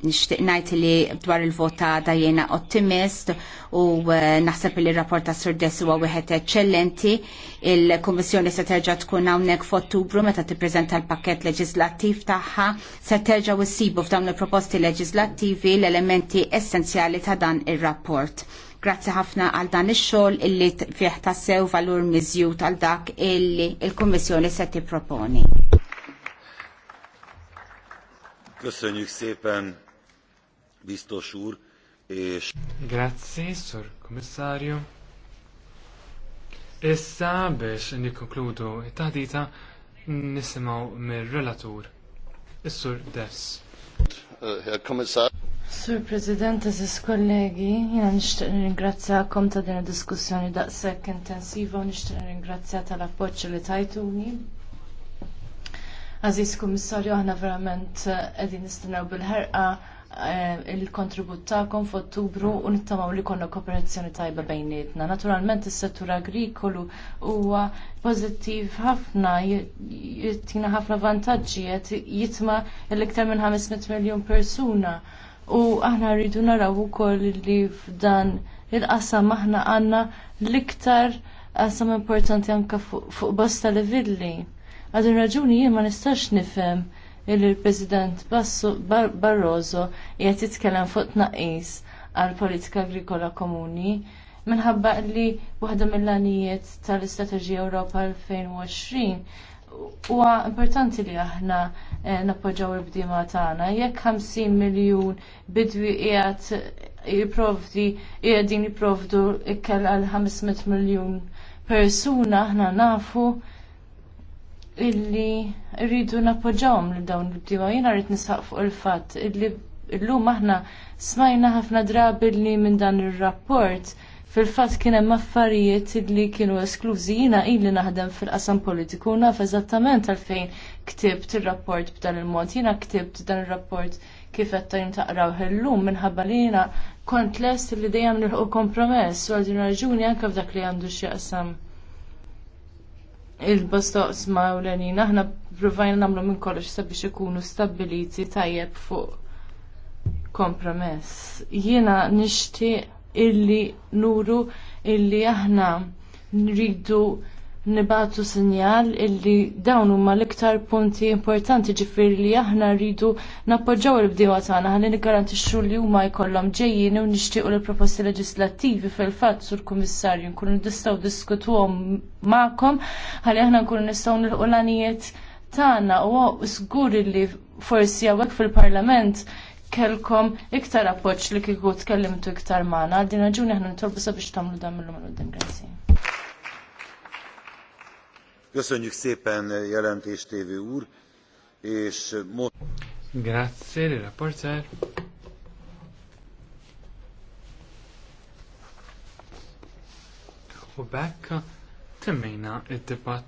nishtiq najt li dwar il-vota da jena ottimist u eh, naħseb li rapport ta' Surdes huwa wieħed eċċellenti. Il-Kummissjoni se terġa' tkun hawnhekk f'Ottubru meta tippreżenta l-pakkett leġislattiv tagħha se terġa' issibu f'dawn il-proposti leġislattivi l-elementi essenzjali ta' dan ir-rapport. Grazzi ħafna għal dan ix-xogħol illi fih tassew valur miżjud għal dak illi l kummissjoni se tipproponi. Köszönjük szépen, biztos úr, és... Grazie, szor komisszárium. Issa biex nikkonkludu it-taħdita nisimaw mir-relatur, is-sur Dess. Uh, Herr Kommissar. Sur President, eżis kollegi, jena nishtiq ringrazzakom ta' din diskussjoni daqshekk intensiva u nixtieq nirringrazzja tal-appoġġ li tajtuni. Aziz Kummissarju, aħna verament eh, qegħdin nistennew bil-ħerqa eh, il-kontribut tagħkom f'Ottubru u nittamaw li konna kooperazzjoni tajba bejnietna. Naturalment is-settur agrikolu huwa pożittiv ħafna, jittina ħafna vantaġġi qed jitma l-iktar minn 500 miljun persuna u aħna rridu naraw ukoll li f'dan il-qasam aħna għandna l-iktar qasam importanti anke fuq bosta livelli. Għad raġuni jien ma nistax nifhem li l-President Barroso qiegħed jitkellem fuq tnaqqis għall politika agrikola komuni minħabba li waħda mill-għanijiet tal-Istrateġija Ewropa 2020 huwa importanti li aħna eh, nappoġġaw il-bdiema tagħna. Jekk 50 miljun bidwi qiegħed jipprovdi qiegħdin jipprovdu ikkel għal 500 miljun persuna aħna nafu illi rridu nappoġġawhom lil dawn il bdiema Jiena rrid nisaq fuq il-fatt illi llum aħna smajna ħafna drabi li minn dan ir-rapport Fil-fatt kien hemm affarijiet li kienu esklużi jiena ili naħdem fil-qasam politiku naf eżattament għalfejn ktibt ir-rapport b'dan il-mod. Jiena ktibt dan ir-rapport kif qed taqraw illum minħabba li jiena kont lest li dejjem nilħu kompromess u għal din raġuni anke f'dak li għandu xi qasam il-bastoqs ma' ewlenin aħna provajna nagħmlu minn kollox sabiex ikunu stabiliti tajjeb fuq kompromess. Jiena nixtieq illi nuru illi aħna nridu nibatu sinjal illi dawn huma l-iktar punti importanti ġifieri li aħna rridu nappoġġaw il-bdiewa tagħna ħalli niggarantixxu li huma jkollhom ġejjin u nixtiequ lill proposti leġislattivi fil-fatt sur kummissarju nkunu nistgħu diskutuhom magħkom ħalli aħna nkunu nistgħu nilħu l-għanijiet tagħna u żgur li forsi hawnhekk fil-Parlament kelkom iktar appoċ li kiku tkellimtu iktar maħna, Din raġuni aħna nitolbu biex tamlu dam l lum għal grazzi. Köszönjük szépen jelentés TV úr, és most... Grazie, rapporter. U bekk temmejna id-dibat